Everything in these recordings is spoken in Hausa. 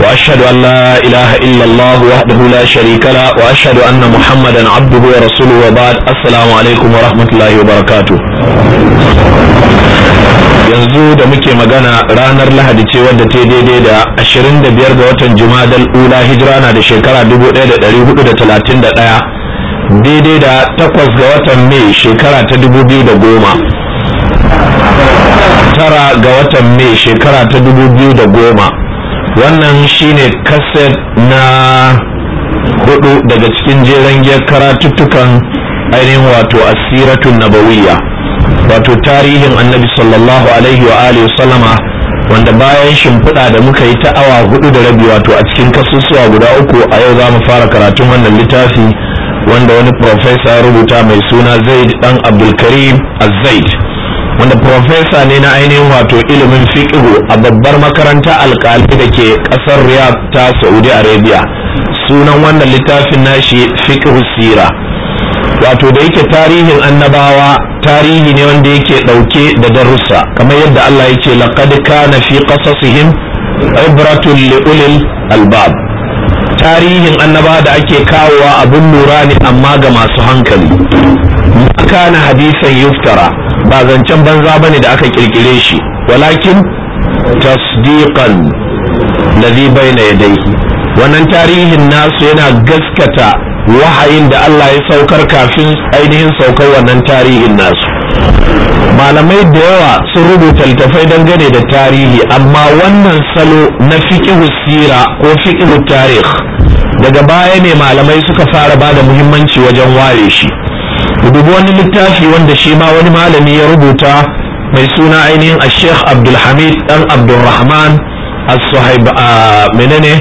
وأشهد أن لا إله إلا الله وحده لا شريك له وأشهد أن محمدا عبده ورسوله وبعد السلام عليكم ورحمة الله وبركاته yanzu da muke magana ranar lahadi ce wadda ta daidai da 25 ga watan jumadal ula hijira na da shekara 1431 daidai da 8 ga watan mai shekara ta 2010 tara ga watan mai shekara ta dubu biyu da goma wannan shine kaset na hudu daga cikin jeren karatuttukan ainihin wato asiratun nabawiyya wato tarihin annabi sallallahu alaihi wa alihi sallama wanda bayan shimfiɗa da muka yi ta awa hudu da rabi wato a cikin kasusuwa guda uku a yau za mu fara karatun wannan littafi wanda wani profesa rubuta mai suna zaid dan abdulkarim az-zaid wanda profesa ne na ainihin wato ilimin fiqhu a babbar makaranta alkali da ke kasar riyadh ta saudi arabia sunan wannan littafin nashi fiqhu sira wato da yake tarihin annabawa tarihi ne wanda yake dauke da darussa kamar yadda Allah yake laqad kana fi qasasihim ibratun li ulil albab tarihin annabawa da ake kawowa abun lura ne amma ga masu hankali kana hadisan yuftara ba zancen banza bane da aka kirkire shi walakin tasdiqan ladhi bayna yadayhi wannan tarihin nasu yana gaskata wahayin da Allah ya saukar kafin ainihin saukar wannan tarihin nasu malamai da yawa sun rubuta littafai dangane da tarihi amma wannan salo na fiƙihu sira ko fiƙihu tarih daga baya ne malamai suka fara ba da muhimmanci wajen ware shi dubu wani littafi wanda shi ma wani malami ya rubuta mai suna ainihin a sheikh abdulhamid dan abdulrahman menene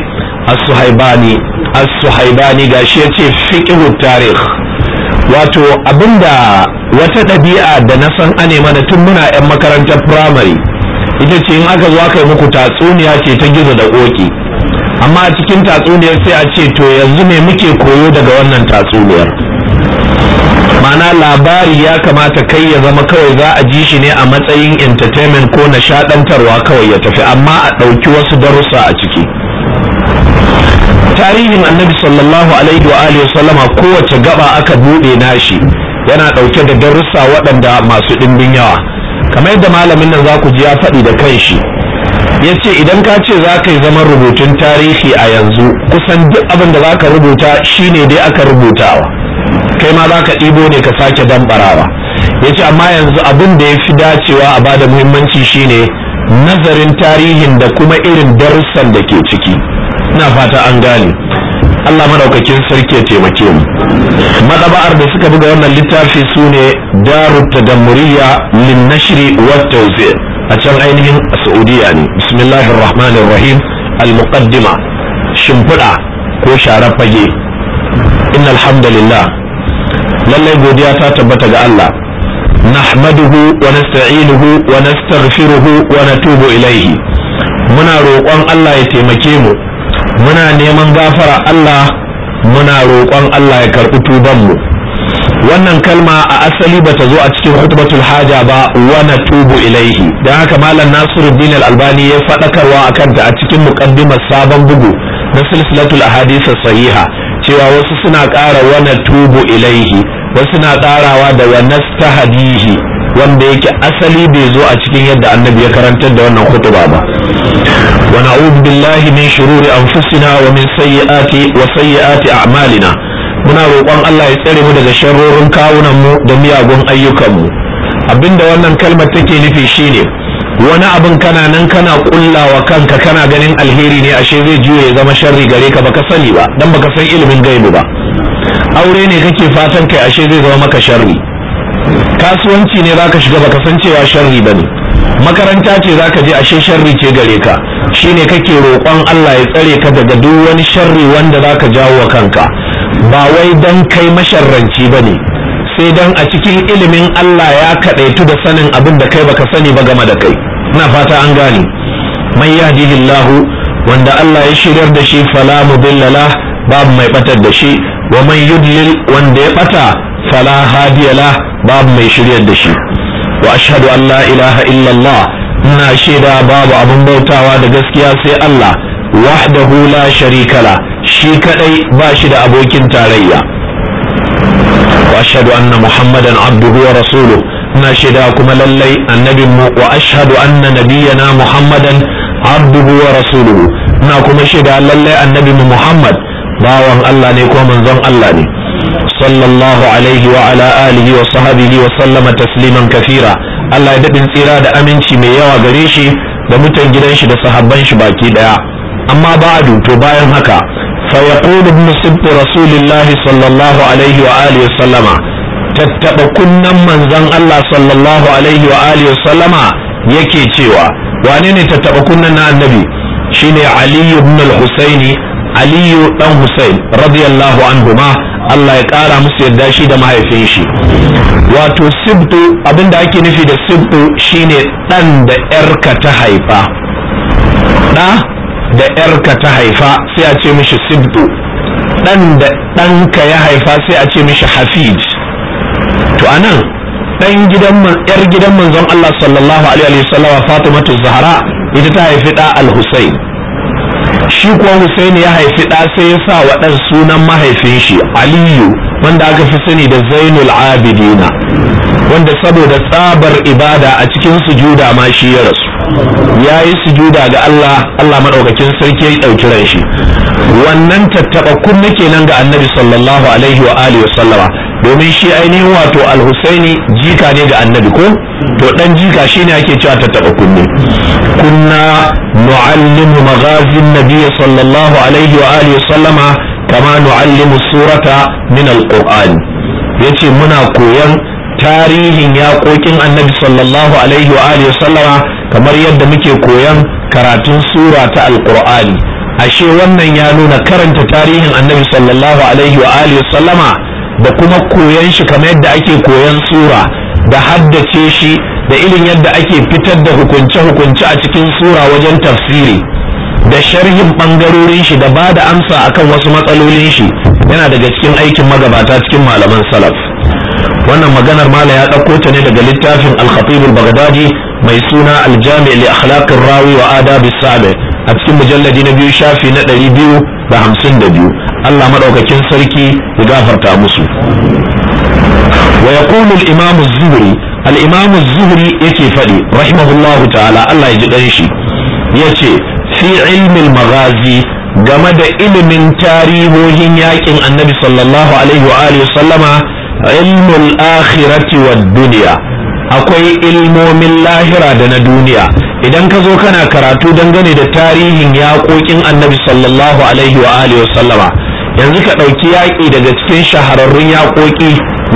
as-suhaibani ga shi ya ce tarikh wato abinda wata ɗabi'a da na san ane mana tun muna 'yan makarantar firamare ita ce in aka zuwa kai muku tatsuniya ce ta gizo da ƙoƙi amma a cikin tatsuniyar sai a ce to yanzu ne muke koyo daga wannan tatsuniyar ma'ana labari ya kamata kai ya zama kawai za a ji shi ne a matsayin entertainment ko nishadantarwa kawai ya tafi amma a ɗauki wasu darussa a ciki tarihin annabi sallallahu alaihi wa alihi sallama kowace gaba aka bude nashi yana ɗauke da darussa waɗanda masu ɗimbin yawa kamar da malamin nan za ku ji ya faɗi da kanshi ya ce idan ka ce za ka yi zaman rubutun tarihi a yanzu kusan duk abin da za ka rubuta shine dai aka rubutawa kai ma za ka ɗibo ne ka sake damɓarawa ya ce amma yanzu abin da ya fi dacewa a bada muhimmanci shine nazarin tarihin da kuma irin darussan da ke ciki ina fata an gane Allah madaukakin sarki ya taimake mu madaba'ar da suka buga wannan littafi su ne darut tagammuriya lin nashri wa a can ainihin saudiya ne bismillahir rahmanir rahim al muqaddima shimfiɗa ko sharar fage inna alhamdulillah lallai godiya ta tabbata ga Allah nahmaduhu wa nasta'inuhu wa nastaghfiruhu wa natubu ilaihi muna roƙon Allah ya taimake mu muna neman gafara Allah muna roƙon Allah ya karɓi tuban mu wannan kalma a asali bata zo a cikin hutubatul haja ba wa natubu ilaihi dan haka malam Nasiruddin Al-Albani ya faɗakarwa akan ta a cikin muqaddimar sabon bugu na silsilatul ahadith sahiha cewa wasu suna ƙara wani tubu ilaihi wasu suna ƙarawa da wani tahadihi wanda yake asali bai zo a cikin yadda annabi ya karantar da wannan kutuba ba wa na'udhu billahi min shururi anfusina wa min sayyiati wa sayyiati a'malina muna roƙon Allah ya tsare mu daga sharrorin kawunan mu da miyagun ayyukan mu abinda wannan kalmar take nufi shine wani abin kana nan kana kullawa kanka kana ganin alheri ne ashe zai juye ya zama sharri gare ka baka sani ba dan baka san ilimin gaibu ba aure ne kake fatan kai ashe zai zama maka sharri kasuwanci ne zaka shiga baka san cewa sharri bane makaranta ce zaka je ashe sharri ce gare ka shine kake roƙon Allah ya tsare ka daga duk wani sharri wanda zaka jawo wa kanka ba wai dan kai masharranci bane sai dan a cikin ilimin Allah ya kaɗaitu da sanin abin da kai baka sani ba game da kai na fata an gane man yahdihillahu wanda Allah ya shiryar da shi fala mudilla babu mai batar da shi wa man yudlil wanda ya bata fala hadiya babu mai shiryar da shi wa ashhadu an la ilaha illallah ina shaida babu abin bautawa da gaskiya sai Allah wahdahu la sharika la shi kadai ba shi da abokin tarayya wa ashhadu anna muhammadan abduhu wa rasuluhu ina shaida kuma lallai annabin mu wa ashhadu anna nabiyyana muhammadan abduhu wa rasuluhu ina kuma shaida lallai annabi mu muhammad bawan Allah ne ko manzon Allah ne sallallahu alaihi wa ala alihi wa sahbihi wa sallama tasliman kafira Allah ya dadin tsira da aminci mai yawa gare shi da mutan gidan shi da sahabban shi baki daya amma ba'du to bayan haka fa yaqulu ibn sibt rasulillahi sallallahu alaihi wa alihi wa sallama tattaba kunnan manzon Allah sallallahu alaihi wa alihi sallama yake cewa wane ne tattaba kunnen na annabi shine Ali ibn al-Husaini Ali dan Husain radiyallahu anhuma Allah ya ƙara musu yadda shi da mahaifin shi wato sibtu abinda ake nufi da sibtu shine dan da ‘yarka ta haifa ɗa da ‘yarka ta haifa sai a ce mishi sibtu dan da ɗanka ya haifa sai a ce mishi hafij to anan ɗan gidan yar gidan manzon Allah sallallahu alaihi wa Fatima Fatimatu Zahra ita ta haifi da Al-Husayn shi kuwa Husayn ya haifi da sai ya sa wa ɗan sunan mahaifin shi Aliyu wanda aka fi sani da Zainul Abidina wanda saboda tsabar ibada a cikin sujuda ma shi ya rasu ya yi sujuda ga Allah Allah maɗaukakin sarki ya ɗauki ran shi wannan tattaɓa nake nan ga annabi sallallahu alaihi wa alihi sallama domin shi ainihin wato al-husaini jika ne da annabi ko to dan jika shine ake cewa ta taba kunne kunna nu'allimu maghazin nabiy sallallahu alaihi wa alihi sallama kama nu'allimu surata min al yace muna koyan tarihin yaƙoƙin annabi sallallahu alaihi wa alihi sallama kamar yadda muke koyan karatun sura ta alqur'ani ashe wannan ya nuna karanta tarihin annabi sallallahu alaihi wa alihi sallama da kuma koyon shi kamar yadda ake koyon sura da haddace shi da irin yadda ake fitar da hukunce-hukunce a cikin sura wajen tafsiri da sharhin ɓangarorin shi da ba da amsa akan wasu matsalolin shi yana daga cikin aikin magabata cikin malaman salaf wannan maganar mala ya ɗauko ta ne daga littafin al-khatib al-baghdadi mai suna al-jami' li akhlaqir rawi wa adab as a cikin mujalladi na biyu shafi na ɗari biyu da hamsin da biyu Allah maɗaukakin sarki ya gafarta musu wa yaqulu al-imam az-zuhri al-imam yake faɗi rahimahullahu ta'ala Allah ya ji ɗan shi ce fi ilmin magazi game da ilimin tarihohin yakin annabi sallallahu alaihi wa alihi sallama ilmul akhirati wa duniya akwai ilmomin lahira da na duniya idan ka zo kana karatu dangane da tarihin yaƙoƙin annabi sallallahu alaihi wa alihi wa sallama yanzu ka ɗauki yaƙi daga cikin shahararrun yaƙoƙi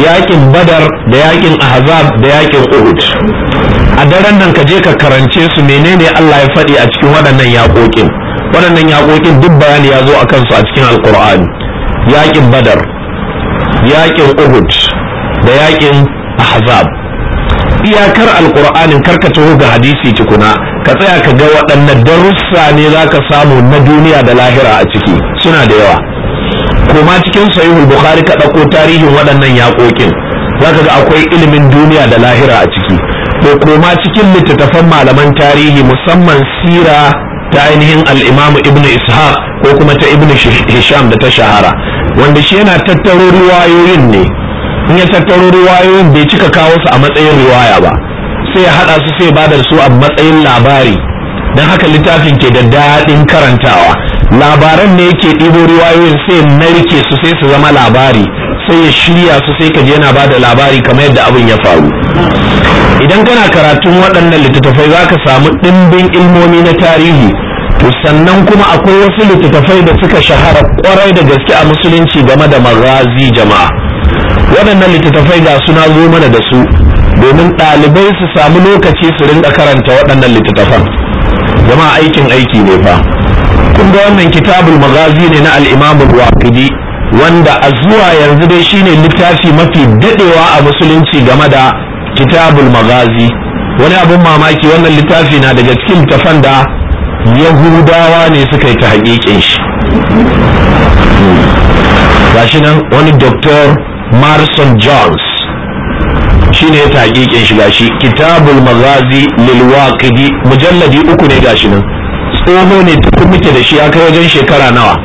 yaƙin badar da yaƙin ahzab da yaƙin uhud a daren nan ka je ka karance su menene Allah ya faɗi a cikin waɗannan yaƙoƙin waɗannan yaƙoƙin duk bayani ya zo a kansu a cikin alƙur'ani yaƙin badar yaƙin uhud da yaƙin ahzab iyakar alkur'anin kar ka taho ga hadisi tukuna ka tsaya ka ga waɗannan darussa ne za ka samu na duniya da lahira a ciki suna da yawa kuma cikin sahihul bukhari ka ɗauko tarihin waɗannan yaƙoƙin za ka ga akwai ilimin duniya da lahira a ciki ko kuma cikin littattafan malaman tarihi musamman sira ta ainihin al'imamu ibnu ishaq ko kuma ta ibnu hisham da ta shahara wanda shi yana tattaro riwayoyin ne in ya tattaro riwayoyin bai cika kawo su a matsayin riwaya ba sai ya haɗa su sai ba su a matsayin labari don haka littafin ke da daɗin karantawa labaran ne yake ɗibo riwayoyin sai narke su sai su zama labari sai ya shirya su sai ka je yana ba da labari kamar yadda abin ya faru idan kana karatun waɗannan littattafai za ka samu ɗimbin ilmomi na tarihi to sannan kuma akwai wasu littattafai da suka shahara kwarai da gaske a musulunci game da marazi jama'a waɗannan littattafai ga suna zo mana da su domin ɗalibai su samu lokaci su rinka karanta waɗannan littattafan jama'a aikin aiki ne fa kun ga wannan kitabul magazi ne na al-imam wanda a zuwa yanzu dai shine littafi mafi dadewa a musulunci game da kitabul magazi wani abun mamaki wannan littafi na daga cikin littafan da yahudawa ne suka yi ta hakikin shi gashi nan wani doktor marson jones shi ne ta hakikin shi kitabul mazazi lil waqidi mujalladi uku ne gashi nan tsoho ne duk muke da shi ya kai wajen shekara nawa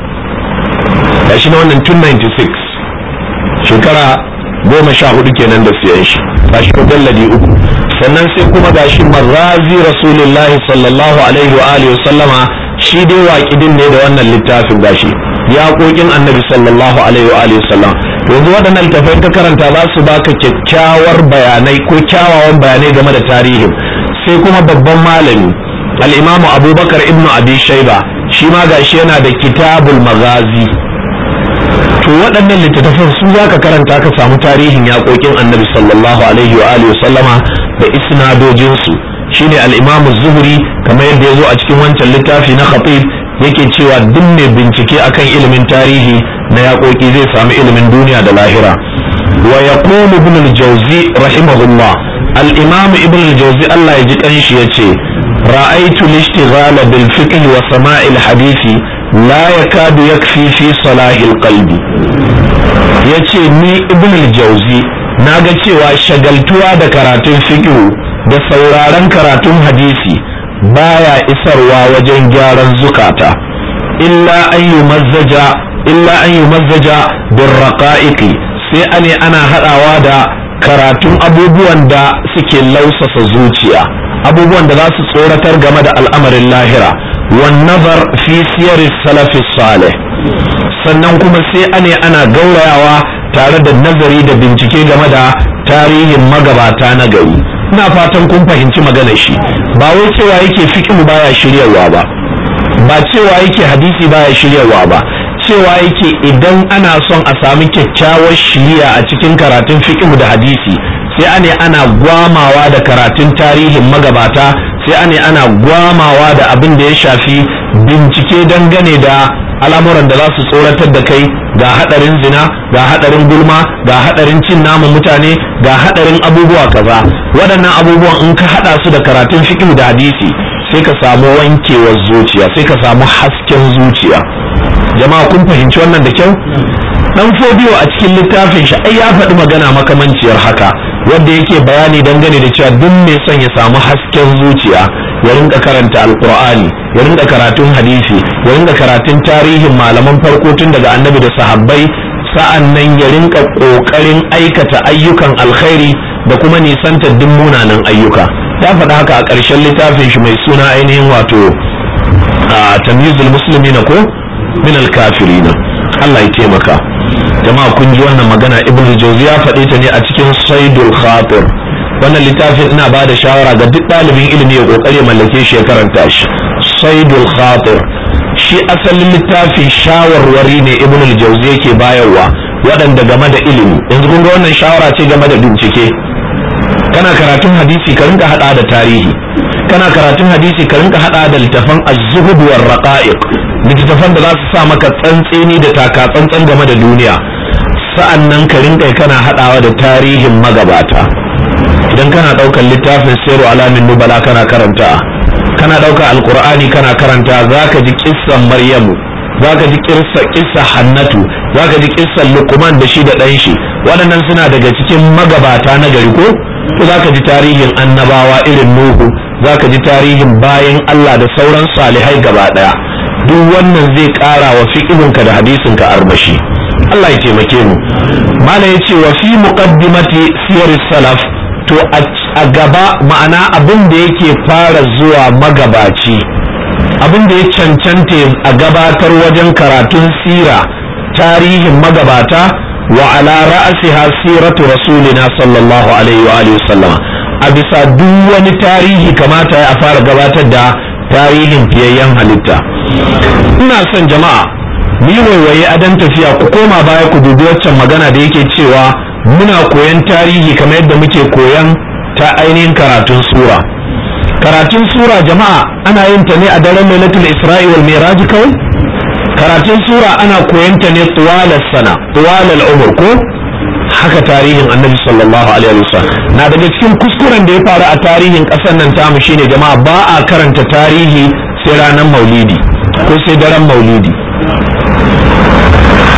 gashi na wannan 296 shekara goma sha hudu kenan da siyan shi gashi mujalladi uku sannan sai kuma gashi magazi rasulullahi sallallahu alaihi wa alihi wa sallama shi dai waƙidin ne da wannan littafin gashi ya kokin annabi sallallahu alaihi wa alihi sallam yanzu waɗannan littafai ka karanta za su baka kyakkyawar bayanai ko kyawawan bayanai game da tarihin sai kuma babban malami al'imamu abubakar ibnu abi shaiba shi ma gashi yana da kitabul magazi to waɗannan littattafan su za ka karanta ka samu tarihin yaƙoƙin annabi sallallahu alaihi wa alihi sallama da isnadojinsu shine al zuhuri kamar yadda ya zo a cikin wancan littafi na khatib yake cewa duk mai bincike akan ilimin tarihi na yaƙoƙi zai samu ilimin duniya da lahira wa yaqulu ibn al-jawzi rahimahullah al-imam ibn al Allah ya ji kanshi yace ra'aitu al-ishtighal bil fiqh wa sama'il hadisi la yakadu yakfi fi salah qalbi yace ni ibn al-jawzi naga cewa shagaltuwa da karatun fiqh da sauraron karatun hadisi baya isarwa wajen gyaran zukata illa an yi mazzaja illa an yi bin raqa'iqi sai ane ana haɗawa da karatun abubuwan da suke lausasa zuciya abubuwan da za su tsoratar game da al'amarin lahira wan nazar fi siyar salafis salih sannan kuma sai ane ana gaurayawa tare da nazari da bincike game da tarihin magabata na gari ina fatan kun fahimci maganar shi ba wai cewa yake ba baya shiryarwa ba ba cewa yake hadisi baya shiryarwa ba cewa yake idan ana son a sami kyakkyawar shiriya a cikin karatun fikin da hadisi sai ne ana gwamawa da karatun tarihin magabata sai ne ana gwamawa da abin da ya shafi bincike dangane da al'amuran da za su tsoratar da kai ga hadarin zina ga hadarin gulma ga hadarin cin naman mutane ga hadarin abubuwa kaza waɗannan abubuwan in ka hada su da karatun fiqh da hadisi sai ka samu wankewar zuciya sai ka samu hasken zuciya jama'a kun fahimci wannan da kyau dan fodiyo a cikin littafin shi ai ya faɗi magana makamanciyar haka wanda yake bayani dangane da cewa duk mai son ya samu hasken zuciya ya rinka karanta alkur'ani ya rinka karatun hadisi ya rinka karatun tarihin malaman farko tun daga annabi da sahabbai sa'an nan ya rinka kokarin aikata ayyukan alkhairi da kuma ta duk munanan ayyuka ya faɗa haka a ƙarshen littafin shi mai suna ainihin wato a tamyizul musulmi na ko min alkafirin Allah ya taimaka jama'a kun ji wannan magana ibnu jauzi ya faɗe ta ne a cikin saidul khatir wannan littafin ina ba da shawara ga duk ɗalibin ilimi ya kokari mallake shi ya karanta shi saidul khatir shi asalin littafin shawarwari ne ibn al-jawzi yake bayarwa waɗanda game da ilimi yanzu kun ga wannan shawara ce game da bincike kana karatun hadisi ka rinka hada da tarihi kana karatun hadisi ka rinka hada da littafan az-zuhud war raqa'iq littafan da za su sa maka tsantseni da taka tsantsan game da duniya sa'annan ka rinka kana hadawa da tarihin magabata idan kana ɗaukar littafin sayar alamin nubala kana karanta kana ɗaukar alkur'ani kana karanta zaka ji kissan maryamu zaka ji kissa kissa hannatu zaka ji kissan lukman da shi da ɗan shi waɗannan suna daga cikin magabata na gari ko to zaka ji tarihin annabawa irin nuhu zaka ji tarihin bayan Allah da sauran salihai gaba ɗaya duk wannan zai ƙara wa ka da hadisinka armashi Allah ya taimake mu Malam ya ce wa fi muqaddimati siyar salaf To a gaba ma'ana abin da yake fara zuwa magabaci abin da ya cancanta a gabatar wajen karatun sira tarihin magabata wa ala ra'asiha siratu rasulina sallallahu alaihi wa alihi sallama a bisa duk wani tarihi kamata ya fara gabatar da tarihin fiyayyen halitta ina son jama'a ni waiwaye adan tafiya ku koma baya ku dubi waccan magana da yake cewa muna koyan tarihi kamar yadda muke koyan ta ainihin karatun sura karatun sura jama'a ana yin ta ne a daren lailatul Isra'il wal miraj kawai karatun sura ana koyan ta ne tuwalar sana tuwalar umar ko haka tarihin annabi sallallahu alaihi wasallam na daga cikin kuskuren da ya faru a tarihin ƙasar nan tamu shine jama'a ba a karanta tarihi sai ranar maulidi ko sai daren maulidi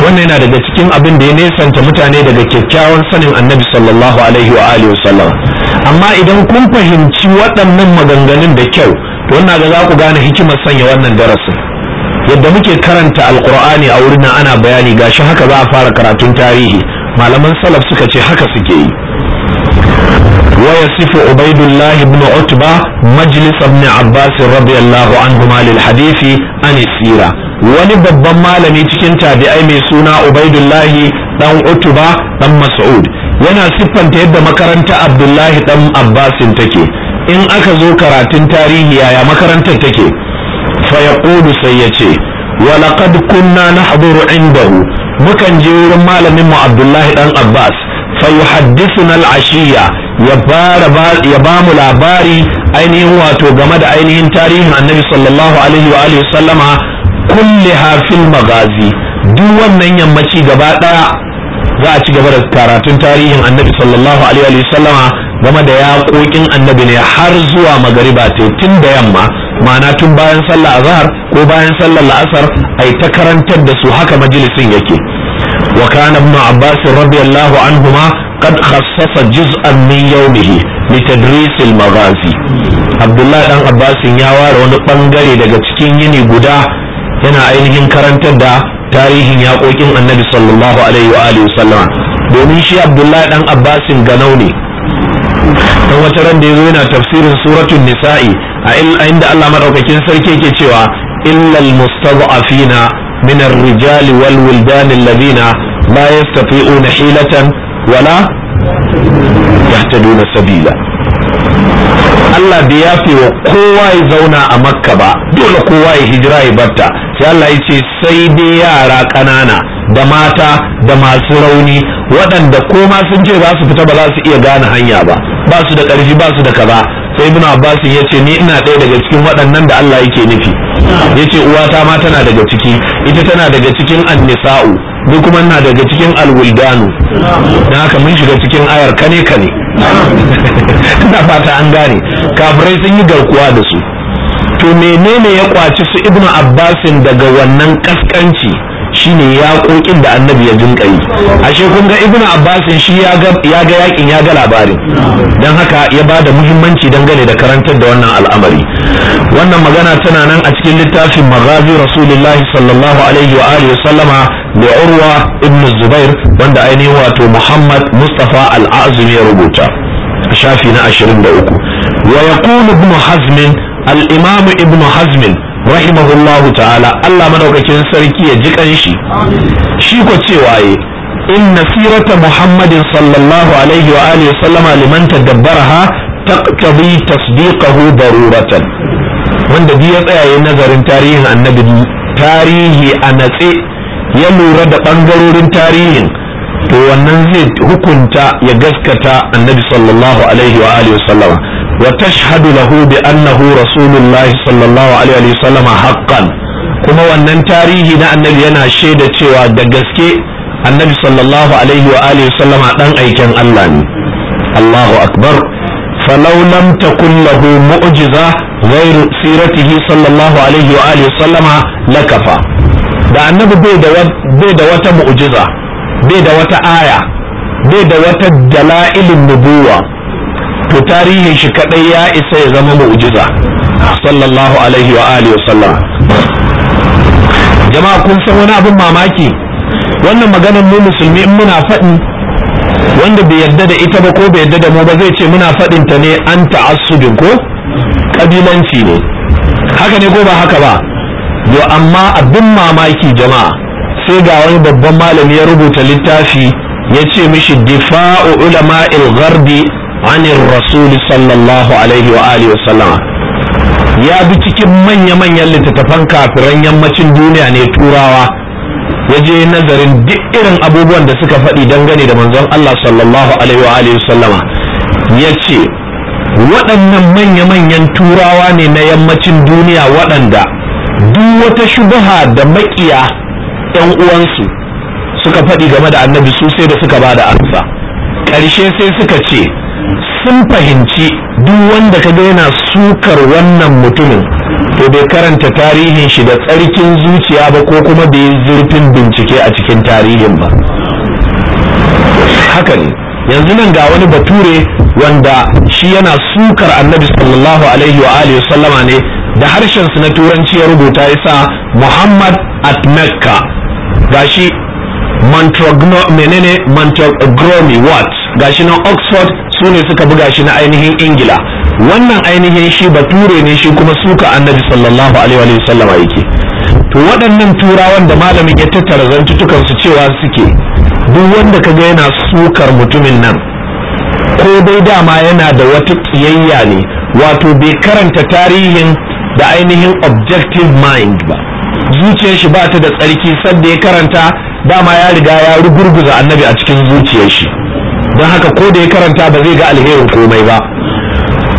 wannan yana daga cikin abin da ya nesanta mutane daga kyakkyawan sanin annabi sallallahu alaihi wa alihi wasallam amma idan kun fahimci waɗannan maganganun da kyau to wannan ga za ku gane hikimar sanya wannan darasin yadda muke karanta alqur'ani a wurin ana bayani gashi haka za a fara karatun tarihi malaman salaf suka ce haka suke yi ويصف عبيد الله بن عتبة مجلس ابن عباس رضي الله عنهما للحديث عن السيرة ولبب مالمي تكن تابعي من سنة عبيد الله دم عتبة دم مسعود yana siffanta yadda makaranta abdullahi dan abbasin take in aka zo karatun tarihi yaya makarantar take fa yaqulu sai yace wa laqad kunna nahduru indahu mukan je wurin malamin mu abdullahi dan abbas fa yuhaddithuna al-ashiya ya fara ya ba mu labari ainihin wato game da ainihin tarihin annabi sallallahu alaihi wa alihi sallama kulli hafil magazi duk wannan yammaci gaba daya za a ci gaba da karatun tarihin annabi sallallahu alaihi wa sallama game da yaƙoƙin annabi ne har zuwa magariba ta tun da yamma ma'ana tun bayan sallah azhar ko bayan sallar la'asar ai ta karantar da su haka majalisin yake wa kana ibn abbas radiyallahu anhuma وقد خصص جزءا من يومه لتدريس المغازي عبد الله بن عباس يا ware wani bangare daga cikin yini guda yana ainihin karantar da tarihin yaƙoƙin annabi sallallahu alaihi wa alihi sallama domin shi abdullahi dan abbasin ganau ne dan wata ran da yazo yana tafsirin suratul nisa'i a inda Allah madaukakin sarki yake cewa illal mustad'afina min ar-rijali wal wildan alladhina la yastati'una hilatan wala yahtaduna sabila Allah bai yafe wa kowa ya zauna a makka ba dole kowa ya hijira ya batta sai Allah ya ce sai dai yara ƙanana da mata da masu rauni waɗanda ko ma sun ce za su fita ba za su iya gane hanya ba ba su da ƙarfi ba su da kaza sai ibn abbas ya ce ni ina ɗaya daga cikin waɗannan da Allah yake nufi ya ce uwata ma tana daga ciki ita tana daga cikin annisa'u ni kuma ina daga cikin alwuldanu don haka mun shiga cikin ayar kane kane ina fata an gane kafirai sun yi garkuwa da su to menene ya kwaci su ibnu abbasin daga wannan kaskanci shine yaƙoƙin da annabi ya jinka yi ashe kun ga ibnu abbas shi ya ga ya ga yakin ya ga labarin dan haka ya bada muhimmanci dangane da karantar da wannan al'amari wannan magana tana nan a cikin littafin maghazi rasulullah sallallahu alaihi wa alihi sallama da urwa ibnu zubair wanda ainihin wato muhammad mustafa al-azmi ya rubuta shafi na 23 wa yaqulu ibn hazm al-imam ibnu hazm rahimahullahu ta'ala Allah madaukakin sarki ya ji kanshi shi ko cewa ye in nasirata muhammadin sallallahu alaihi wa alihi sallama liman tadabbaraha taqtadi tasdiqahu daruratan wanda bi ya tsaya nazarin tarihin annabi tarihi a natse ya lura da bangarorin tarihin to wannan zai hukunta ya gaskata annabi sallallahu alaihi wa alihi sallama wa tashhadu lahu bi annahu rasulullahi sallallahu alaihi wa sallam haqqan kuma wannan tarihi na annabi yana shaida cewa da gaske annabi sallallahu alaihi wa alihi wa dan aikin Allah ne Allahu akbar فلو لم تكن له معجزة غير سيرته صلى الله عليه وآله وسلم لكفى da annabi bai da wata mu'jiza bai da wata aya bai da wata dala'ilin nubuwa to tarihin shi kadai ya isa ya zama mu'jiza sallallahu alaihi wa alihi wasallam jama'a kun san wani abin mamaki wannan maganar mu musulmi in muna faɗi wanda bai yarda da ita ba ko bai yarda da mu ba zai ce muna faɗin ta ne an ta'assubin ko kabilanci ne haka ne ko ba haka ba yo amma abin mamaki jama'a sai ga wani babban malami ya rubuta littafi ya ce mishi difa'u ulama'il gharbi anir rasuli sallallahu ya bi cikin manya-manyan littattafan kafiran yammacin duniya ne turawa ya je nazarin duk irin abubuwan da suka faɗi dangane da manzon Allah sallallahu alaihi wa alihi sallama ya ce waɗannan manya-manyan turawa ne na yammacin duniya waɗanda duk wata shubaha da maƙiya 'yan uwansu suka faɗi game da annabi su sai da suka ba da amsa ƙarshe sai suka ce sun fahimci duk wanda ka ga yana sukar wannan mutumin to bai karanta tarihin shi da tsarkin zuciya ba ko kuma da yin zurfin bincike a cikin tarihin ba haka ne yanzu nan ga wani bature wanda shi yana sukar annabi sallallahu alaihi wa alihi sallama ne da harshen su na turanci ya rubuta ya sa muhammad at Mecca gashi montrogno menene gashi nan oxford su ne suka buga shi na ainihin ingila wannan ainihin shi bature ne shi kuma suka annabi sallallahu alaihi sallama yake to waɗannan turawan da malamin ya tattara zantutukan su cewa suke duk wanda kaga yana sukar mutumin nan ko dai dama yana da wata tsiyayya ne wato bai karanta tarihin da ainihin objective mind ba zuciyar shi ba ta da tsarki sadda ya karanta dama ya riga ya rugurguza annabi a cikin zuciyar shi don haka ko da ya karanta ba zai ga alherin komai ba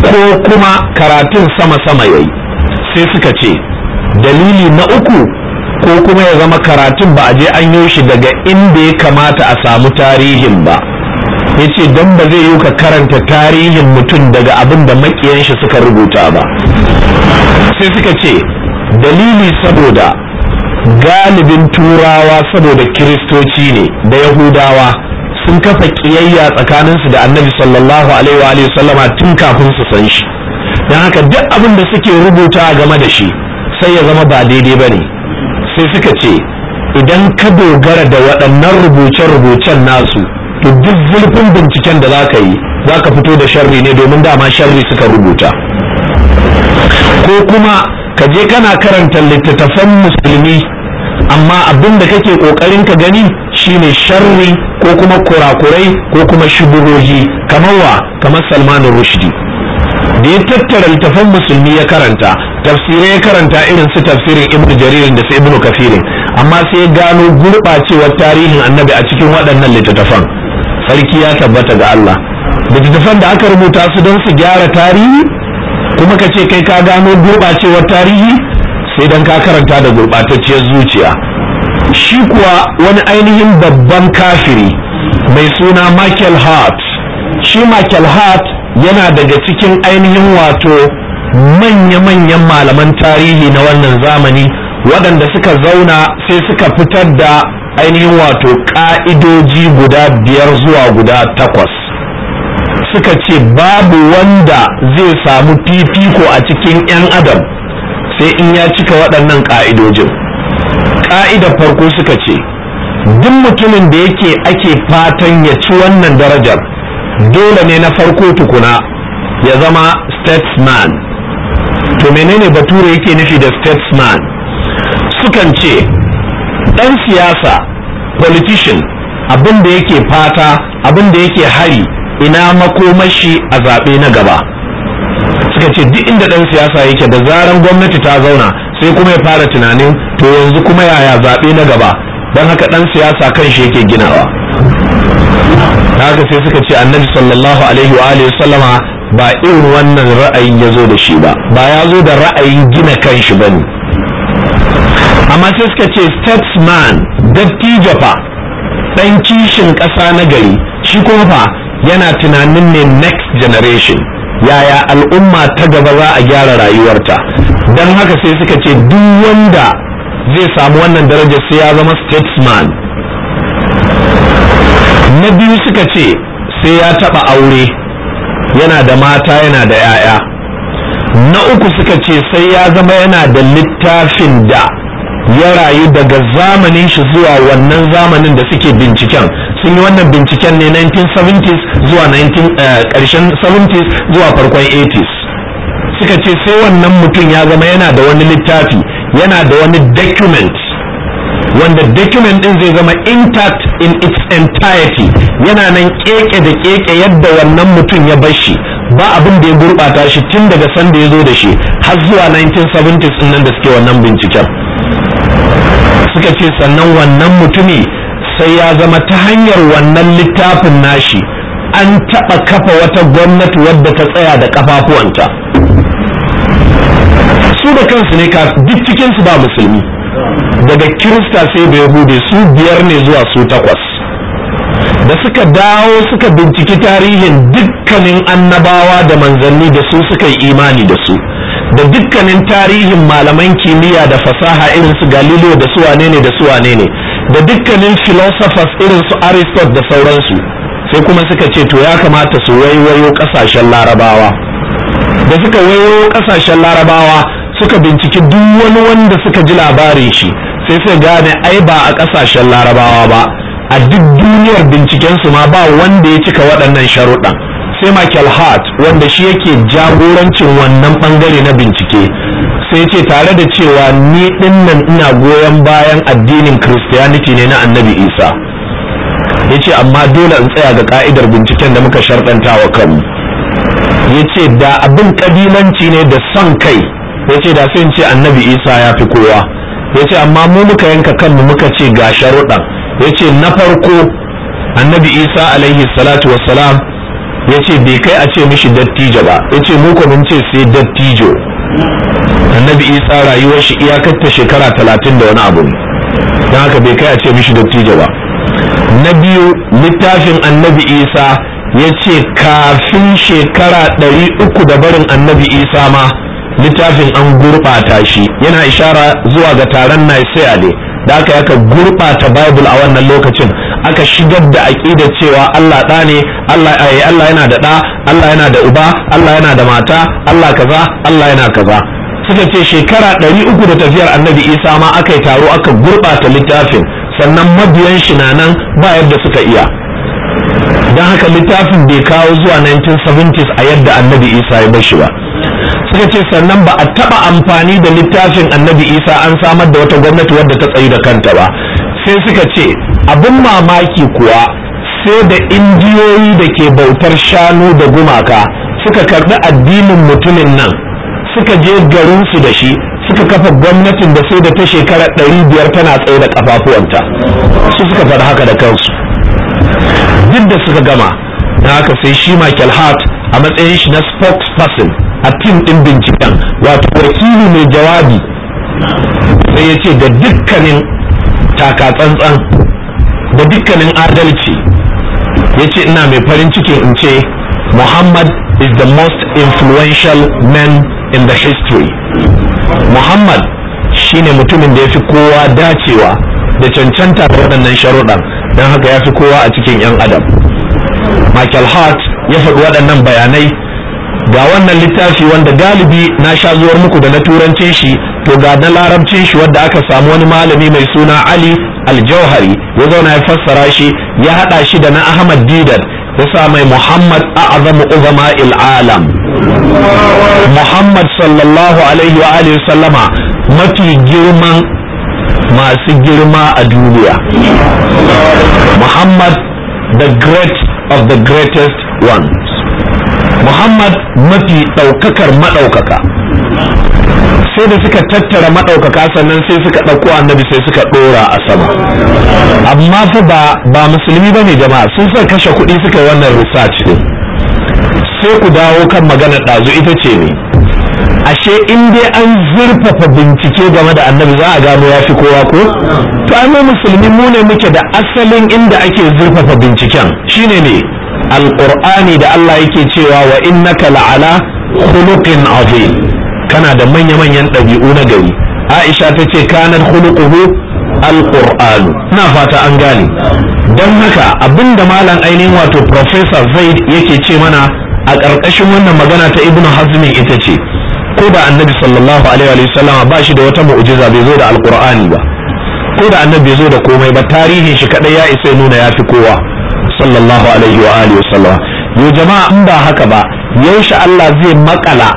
ko kuma karatun sama-sama yayi sai suka ce dalili na uku ko kuma ya zama karatun ba a je an yi shi daga inda ya kamata a samu tarihin ba ya ce don ba zai yi ka karanta tarihin mutum daga abin da makiyan shi suka rubuta ba sai suka ce dalili saboda galibin turawa saboda kiristoci ne da yahudawa sun kafa kiyayya tsakaninsu da annabi sallallahu alaihi wa sallama tun kafin su san shi don haka duk abin da suke rubuta game da shi sai ya zama ba daidai bane sai suka ce idan ka dogara da waɗannan rubuce-rubucen nasu to duk zurfin binciken da za ka yi za ka fito da sharri ne domin dama sharri suka rubuta ko kuma ka je kana karanta littattafan musulmi amma abin da kake kokarin ka gani shine sharri ko kuma kurakurai ko kuma shubuhohi kamar wa kamar Salman Rushdie da ya tattara littafan musulmi ya karanta tafsirai ya karanta irin su tafsirin ibn jaririn da su ibn kafirin amma sai ya gano gurɓacewar tarihin annabi a cikin waɗannan littattafan sarki ya tabbata ga Allah littattafan da aka rubuta su don su gyara tarihi kuma ka ce kai ka gano gurɓacewar tarihi sai dan ka karanta da gurbatacciyar zuciya shi kuwa wani ainihin babban kafiri mai suna Michael Hart shi Michael Hart yana daga cikin ainihin wato manya-manyan malaman tarihi na wannan zamani waɗanda suka zauna sai suka fitar da ainihin wato ƙa'idoji guda biyar zuwa guda takwas suka ce babu wanda zai samu fifiko a cikin 'yan adam sai in ya cika waɗannan ƙa'idojin ƙa'idar farko suka ce duk mutumin da yake ake fatan ya ci wannan darajar dole ne na farko tukuna ya zama statesman to menene bature yake nufi da statesman sukan ce ɗan siyasa politician abinda da yake fata abin da yake hari ina makomashi a zaɓe na gaba suka ce duk inda dan siyasa yake da zaran gwamnati ta zauna sai kuma ya fara tunanin to yanzu kuma yaya zaɓe na gaba don haka dan siyasa kan shi yake ginawa haka sai suka ce annabi sallallahu alaihi wa alihi sallama ba irin wannan ra'ayin ya zo da shi ba ba ya zo da ra'ayin gina kanshi shi bane amma sai suka ce statesman dattijo fa dan kishin ƙasa na gari shi kuma fa yana tunanin ne next generation yaya al'umma ta gaba za a gyara rayuwarta don haka sai suka ce duk wanda zai samu wannan darajar sai ya zama statesman na biyu suka ce sai ya taba aure yana da mata yana da 'ya'ya na uku suka ce sai ya zama yana da littafin da ya rayu daga zamanin shi zuwa wannan zamanin da suke binciken sun yi wannan binciken ne 1970s zuwa karshen eh, 70s zuwa farkon 80s suka ce sai wannan mutum ya zama yana da wani littafi yana da wani document wanda document ɗin zai zama intact in its entirety yana nan keke da keke yadda wannan mutum ya bar shi ba abin da ya gurɓata shi tun daga sanda ya zo da shi har zuwa 1970s nan da suke wannan binciken suka ce sannan wannan mutumi sai ya zama ta hanyar wannan littafin nashi an taɓa kafa wata gwamnati wadda ta tsaya da kafafuwanta su da kansu ne duk cikinsu ba musulmi daga kirista sai ya yahudi su biyar ne zuwa su takwas da suka dawo suka binciki tarihin dukkanin annabawa da manzanni da su suka yi imani da su da dukkanin tarihin malaman kimiyya da fasaha irin su galileo da su wane ne da su wane ne da dukkanin philosophers irin su aristotle da sauransu sai kuma suka ce to ya kamata su waiwayo kasashen larabawa da suka waiwayo kasashen larabawa suka binciki duk wani wanda suka ji labarin shi sai sai gane ai ba a kasashen larabawa ba a duk duniyar bincikensu ma ba wanda ya cika waɗannan sharuɗan sai Michael Hart wanda shi yake jagorancin wannan bangare na bincike sai ce tare da cewa ni dinnan ina goyon bayan addinin Christianity ne na Annabi Isa ya ce amma dole in tsaya ga ka'idar binciken da muka sharɗanta wa kanmu ya ce da abin kabilanci ne da son kai ya ce da sai ce Annabi Isa ya fi kowa ya ce amma mu muka yanka kanmu muka ce ga sharuɗan ya ce na farko annabi isa alaihi salatu wassalam ya ce bai kai a ce mishi dattijo ba ya ce mu mun ce sai dattijo annabi isa rayuwar shi iyakarta shekara talatin da wani abu don haka bai kai a ce mishi dattijo ba na biyu littafin annabi isa ya ce kafin shekara ɗari uku da barin annabi isa ma littafin an gurɓata shi yana ishara zuwa ga taron nicaea ne da aka yaka gurɓata bible a wannan lokacin aka shigar da aqidar cewa Allah ɗa ne Allah eh, Allah yana da da Allah yana da uba Allah yana da mata Allah kaza Allah yana kaza suka ce shekara ɗari uku da tafiyar annabi isa ma aka yi taro aka gurɓata littafin sannan mabiyan shi na nan ba yadda suka iya don haka littafin bai kawo zuwa 1970s a yadda annabi isa ya bashi ba suka ce sannan ba a taɓa amfani da littafin annabi isa an samar da wata gwamnati wadda ta tsayi da kanta ba sai suka ce abin mamaki kuwa sai da indiyoyi da ke bautar shanu da gumaka suka karɓi addinin mutumin nan suka je garinsu da shi suka kafa gwamnatin da sai da ta shekara ɗari biyar tana tsaye da ƙafafuwanta su suka faɗi haka da kansu duk da suka gama na haka sai shi Michael Hart a matsayin shi na spokesperson a tim ɗin binciken wato wakili mai jawabi sai ya ce da dukkanin tsantsan. da dukkanin adalci ya ce ina mai farin ciki in ce muhammad is the most influential man in the history muhammad shine mutumin da ya fi kowa dacewa da cancanta da waɗannan sharuɗan don haka ya fi kowa a cikin 'yan adam michael hart ya faɗi waɗannan bayanai ga wannan littafi wanda galibi na sha zuwar muku da na turancin shi to ga na larabcin shi wadda aka samu wani malami mai suna ali aljauhari ya zauna ya fassara shi ya haɗa shi da na ahmad didan ya sa mai muhammad azamu uzama alam muhammad sallallahu alaihi wa alihi sallama mafi girman masu girma a duniya muhammad the great of the greatest ones muhammad mafi ɗaukakar maɗaukaka sai da suka tattara maɗaukaka sannan sai suka ɗauko annabi sai suka ɗora a sama amma fa ba ba musulmi ba ne jama'a sun sa kashe kuɗi suka yi wannan research ne sai ku dawo kan maganar ɗazu ita ce ne ashe in dai an zurfafa bincike game da annabi za a gano ya fi kowa ko to ai musulmi mu ne muke da asalin inda ake zurfafa binciken shine ne Alƙur'ani da Allah yake cewa wa innaka la'ala khuluqin azim kana da manya-manyan ɗabi'u na gari aisha ta ce kanar hulukuhu alƙur'anu ina fata an gane don haka abinda malam ainihin wato professor zaid yake ce mana a ƙarƙashin wannan magana ta ibnu hazmin ita ce ko da annabi sallallahu alaihi wa sallama ba shi da wata mu'jiza bai zo da alqur'ani ba ko da annabi bai zo da komai ba tarihin shi kadai ya isa nuna ya fi kowa sallallahu alaihi wa alihi wa sallama yo jama'a in ba haka ba yaushe Allah zai makala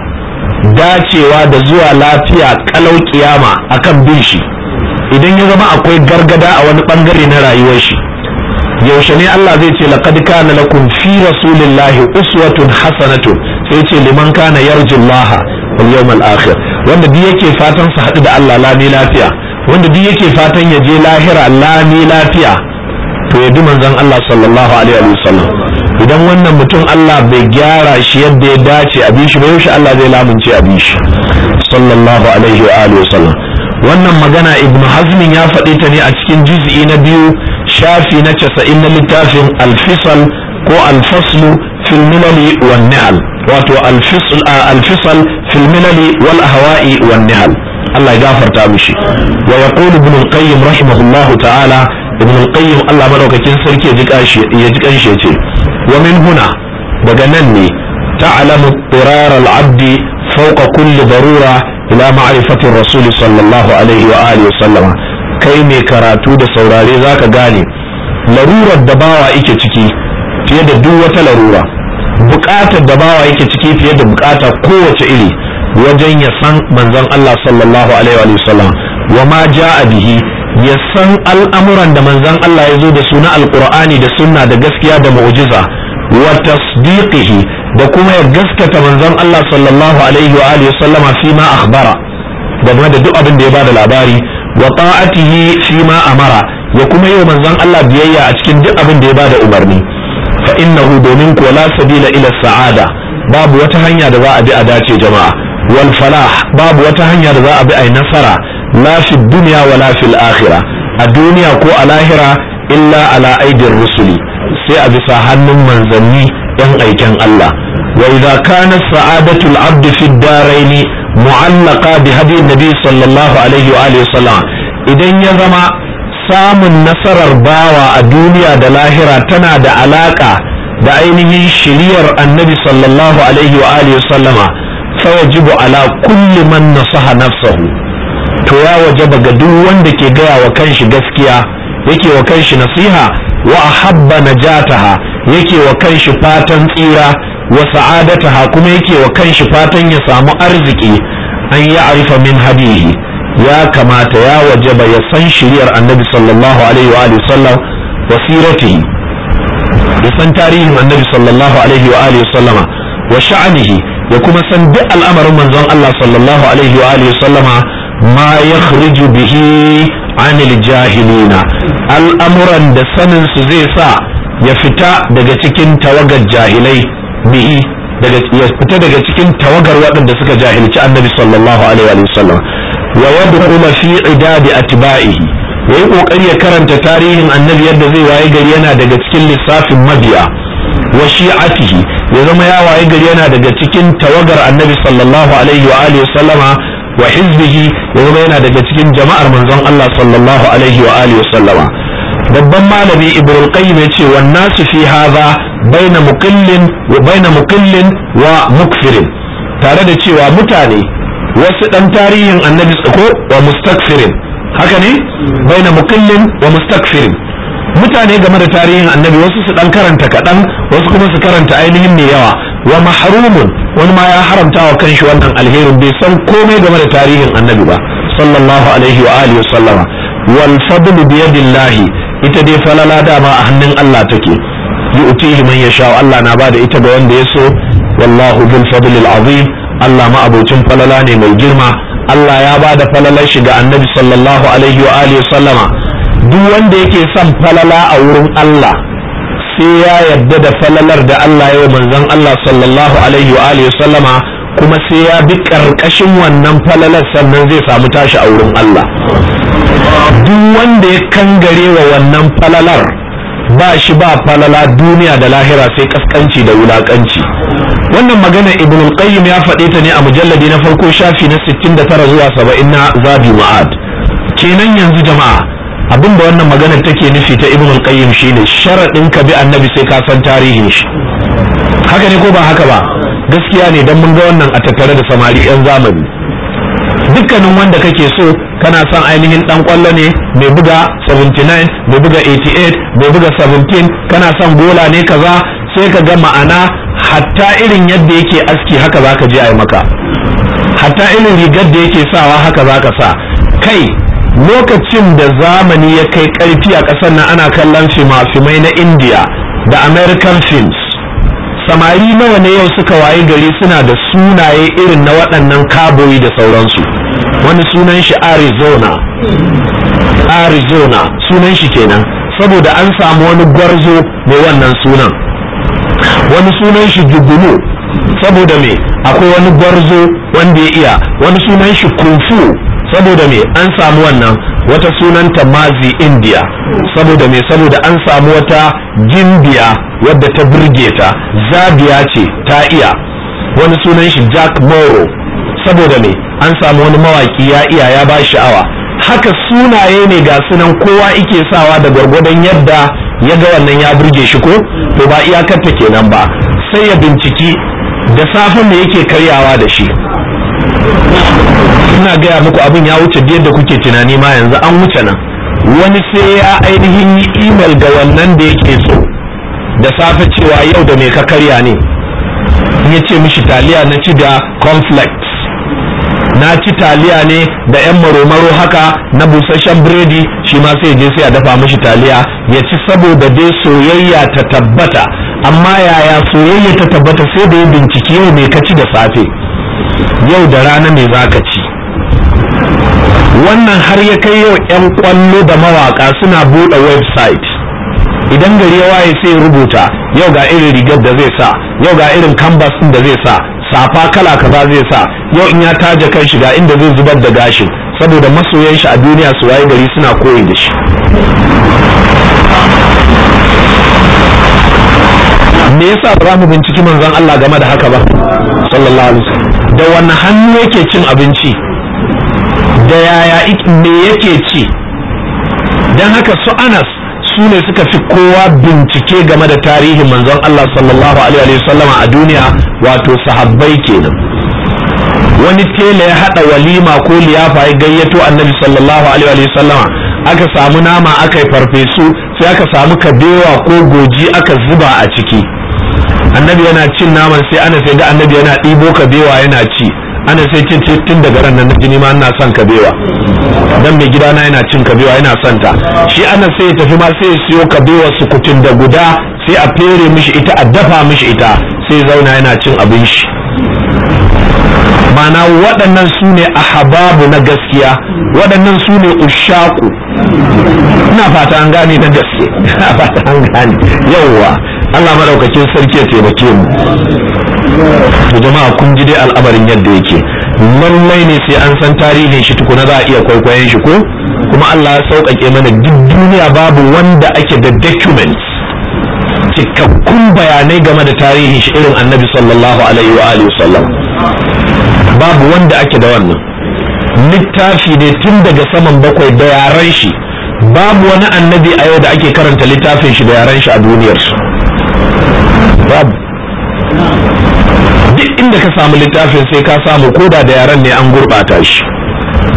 dacewa da zuwa lafiya kalau kiyama akan bin shi idan ya zama akwai gargada a wani bangare na rayuwar shi yaushe ne Allah zai ce laqad kana lakum fi rasulillahi uswatun hasanatu sai ce liman kana yarjullaha wal yawmal akhir wanda duk yake fatan su haɗu da Allah lami lafiya wanda duk yake fatan ya je lahira lami lafiya to ya manzon Allah sallallahu alaihi wasallam idan wannan mutum Allah bai gyara shi yadda ya dace a bishi ba yaushe Allah zai lamunce a bishi sallallahu alaihi wa alihi wasallam wannan magana ibn hazmin ya faɗi ta ne a cikin juz'i na biyu shafi na casa'in na littafin alfisal ko alfaslu fil milali nihal wato alfisal fil milali wal ahwa'i nihal Allah ya gafarta mishi wa yaqulu ibn al-qayyim rahimahullahu ta'ala ibn al-qayyim Allah madaukakin sarki ya ji kanshi ya ji kanshi yace wa min huna daga nan ne ta'lamu qirar al-abdi fawqa kulli darura ila ma'rifati rasul sallallahu alaihi wa alihi kai mai karatu da saurare zaka gane larurar da bawa yake ciki fiye da duk wata larura bukatar da bawa yake ciki fiye da bukata kowace iri wajen ya san manzon Allah sallallahu alaihi wa sallam wa ma ja'a bihi ya san al'amuran da manzon Allah ya zo da su na da sunna da gaskiya da mu'jiza wa tasdiqihi da kuma ya gaskata manzon Allah sallallahu alaihi wa alihi sallama fi ma akhbara da duk abin da ya bada labari wa ta'atihi fi ma amara ya kuma yi manzon Allah biyayya a cikin duk abin da ya bada umarni fa innahu domin kuwa la sabila ila sa'ada babu wata hanya da za a bi a dace jama'a wal falah babu wata hanya da za a bi a nasara la fi duniya wa la fil a duniya ko a lahira illa ala rusuli sai a bisa hannun manzanni yan aikin Allah wa idza kanat sa'adatul abd fi ad-darain mu'allaqa bi hadi nabi sallallahu alaihi wa alihi wasallam idan ya zama samun nasarar bawa a duniya da lahira tana da alaka da ainihin shiriyar annabi sallallahu alaihi wa alihi wasallama fa yajibu ala kulli man nasaha nafsahu to ya wajaba ga duk wanda ke gaya wa kanshi gaskiya yake wa kanshi nasiha wa ahabba najataha yake wa kanshi fatan tsira wa sa'adataha kuma yake wa kanshi fatan ya samu arziki an ya arifa min hadihi ya kamata ya wajaba ya san shiriyar annabi sallallahu alaihi wa alihi sallam ya san tarihin annabi sallallahu alaihi wa alihi sallama wa sha'anihi ya kuma san duk al'amarin manzon Allah sallallahu alaihi wa alihi sallama ma ya bihi anil jahilina al'amuran da saninsu zai sa ya fita daga cikin tawagar jahilai bihi ya fita daga cikin tawagar waɗanda suka jahilci annabi sallallahu alaihi wa sallam wa yadkhulu fi idadi atba'ihi yayi kokari ya karanta tarihin annabi yadda zai waye gari yana daga cikin lissafin mabiya wa shi'atihi ya zama ya waye gari yana daga cikin tawagar annabi sallallahu alaihi wa sallama wa hizbihi ya zama yana daga cikin jama'ar manzon Allah sallallahu babban malami ibnu qayyim yace wan fi hadha baina muqillin wa baina muqillin wa mukfirin tare da cewa mutane wasu dan tarihin annabi wa mustakfirin haka ne baina muqillin wa mustakfirin mutane game da tarihin annabi wasu su dan karanta kaɗan wasu kuma su karanta ainihin mai yawa wa mahrumun wani ma ya haramta wa kanshi wannan alherin bai san komai game da tarihin annabi ba sallallahu alaihi wa alihi sallama wal fadlu bi yadillahi ita dai falala dama a hannun Allah take yu'tihi man yasha Allah na bada ita ga wanda ya so wallahu bil fadli azim Allah ma abocin falala ne mai girma Allah ya bada falalar shi ga annabi sallallahu alaihi wa alihi sallama duk wanda yake son falala a wurin Allah sai ya yarda da falalar da Allah ya manzon Allah sallallahu alaihi wa alihi sallama kuma sai ya bi karkashin wannan falalar sannan zai samu tashi a wurin Allah duk wanda ya kangare wa wannan falalar ba shi ba falala duniya da lahira sai kaskanci da wulaƙanci. wannan magana ibn al qayyim ya faɗe ta ne a mujalladi na farko shafi na 69 zuwa 70 na zabi ma'ad kenan yanzu jama'a Abin da wannan maganar take nufi ta ibn al-qayyim shine sharadin ka bi annabi sai ka san tarihin shi haka ne ko ba haka ba gaskiya ne dan mun ga wannan a tattare da samari yan zamani dukkanin wanda kake so kana son ainihin dan kwallo ne mai buga 79 mai buga 88 mai buga 17 kana son gola ne kaza sai ka ga ma'ana hatta irin yadda yake aski haka zaka je ai maka hatta irin rigar da yake sawa haka zaka sa kai lokacin da zamani ya kai karfi a kasar nan ana kallon fima-fimai na india da american films samari nawa ne yau suka waye gari suna da sunaye irin na waɗannan kaboyi da sauransu wani sunan shi arizona arizona sunan shi kenan saboda an samu wani gwarzo mai wannan sunan wani sunan shi dugulo saboda me akwai wani gwarzo wanda ya iya wani sunan shi kung fu saboda me an samu wannan wata sunanta mazi india saboda me saboda an samu wata gimbiya wadda ta burge ta zabiya ce ta iya wani sunan shi jack moro saboda me an samu wani mawaki ya iya ya ba sha'awa haka sunaye ne ga sunan kowa ike sawa da gwargwadon yadda ya ga wannan ya burge shi ko to ba iyakar ta kenan ba sai ya binciki da safin da yake karyawa da shi ina gaya muku abin ya wuce biyar da kuke tunani ma yanzu an wuce nan wani sai ya ainihin yi imel ga wannan da yake so da safe cewa yau da mai ka karya ne ya ce mishi taliya na ci da conflict na ci taliya ne da yan maromaro haka na busasshen biredi shi ma sai je sai a dafa mishi taliya ya ci saboda dai soyayya ta tabbata amma yaya soyayya ta tabbata sai da ya bincike yau mai kaci da safe yau da rana mai za ci wannan har ya kai yau 'yan kwallo da mawaka suna buɗe website idan gari ya waye sai ya rubuta yau ga irin rigar da zai sa yau ga irin canvas din da zai sa safa kala kaza zai sa yau in ya taje kan shi ga inda zai zubar da gashin saboda masoyan shi a duniya su waye gari suna koyi da shi me yasa ba mu binciki manzon Allah game da haka ba sallallahu alaihi wasallam da wannan hannu yake cin abinci da yaya me yake ci don haka su anas su ne suka fi kowa bincike game da tarihin manzon Allah sallallahu alaihi wasallama a duniya wato sahabbai kenan wani tela ya haɗa walima ko liyafa ya gayyato annabi sallallahu alaihi wasallama aka samu nama aka yi farfesu sai aka samu kabewa ko goji aka zuba a ciki annabi yana cin naman sai ana sai ga annabi yana ɗibo kabewa yana ci ana sai cin tun daga ran nan jini ma ina son kabewa dan mai gida na yana cin kabewa yana son ta shi ana sai ya tafi ma sai ya siyo kabewa sukutun da guda sai a fere mishi ita a dafa mishi ita sai zauna yana cin abin shi Mana waɗannan su ne a hababu na gaskiya waɗannan su ne ushaku ina fata an gane na gaske ina fata an gane yawwa Allah madaukakin sarki ya taimake mu da jama'a kun ji dai al'amarin yadda yake lallai ne sai an san tarihin shi tukuna za a iya kwaikwayon shi ko kuma Allah ya sauƙaƙe mana duk duniya babu wanda ake da documents cikakkun bayanai game da tarihin shi irin annabi sallallahu alaihi wa alihi sallam babu wanda ake da wannan littafi ne tun daga saman bakwai da yaren shi babu wani annabi a yau da ake karanta littafin shi da yaran shi a duniyar su babu duk inda ka samu littafin sai ka samu koda da yaran ne an gurɓata shi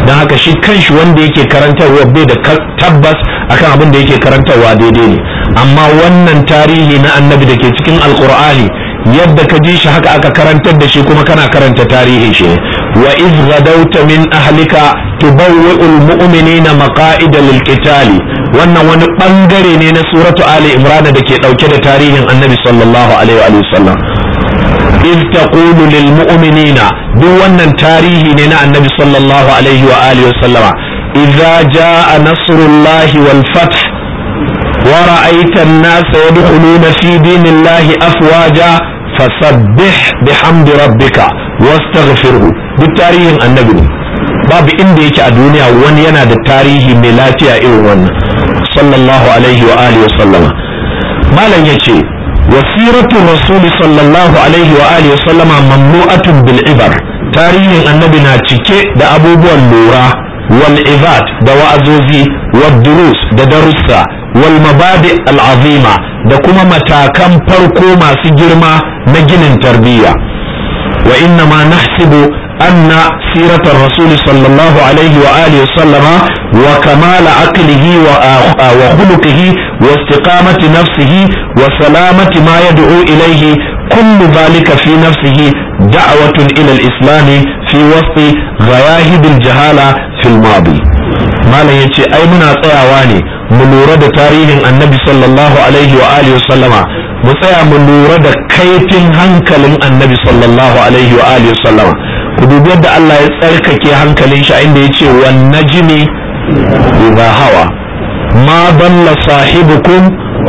don haka shi kanshi wanda yake karantarwa bai da tabbas akan abin da yake karantarwa daidai ne amma wannan tarihi na annabi da ke cikin alkur'ani yadda ka ji shi haka aka karantar da shi kuma kana karanta tarihin shi wa iz gadauta min ahlika tubawwi'ul mu'minina maqa'ida lil qitali wannan wani bangare ne na suratu ali imran da ke dauke da tarihin annabi sallallahu alaihi wa sallam iz taqulu lil mu'minina duk wannan tarihi ne na annabi sallallahu alaihi wa alihi wa sallama idza jaa nasrullahi wal fath wa ra'aita an-nasa yadkhuluna fi dinillahi afwaja fasabbih bihamdi rabbika wastaghfirhu duk tarihin annabi ne babu inda yake a duniya wani yana da tarihi mai lafiya irin wannan sallallahu alaihi wa alihi sallama malam yace وسيرة الرسول صلى الله عليه وآله وسلم مملوءة بالعبر تاريخ النبي ناتشيكي دا أبو اللورة والعباد دا وأزوزي والدروس دا درسة والمبادئ العظيمة دا كما متاكم فرقو ما سجرما نجن تربية وإنما نحسب أن سيرة الرسول صلى الله عليه وآله وسلم وكمال عقله وخلقه واستقامة نفسه وسلامة ما يدعو إليه كل ذلك في نفسه دعوة إلى الإسلام في وسط غياهب الجهالة في الماضي ما لا يتي أي منا تياواني ملورد تاريخ النبي صلى الله عليه وآله وسلم mu tsaya mu lura da kaifin hankalin annabi sallallahu alaihi wa alihi sallama ku dubi yadda Allah ya tsarkake hankalin shi a inda yace wan najmi idha hawa ma dalla sahibukum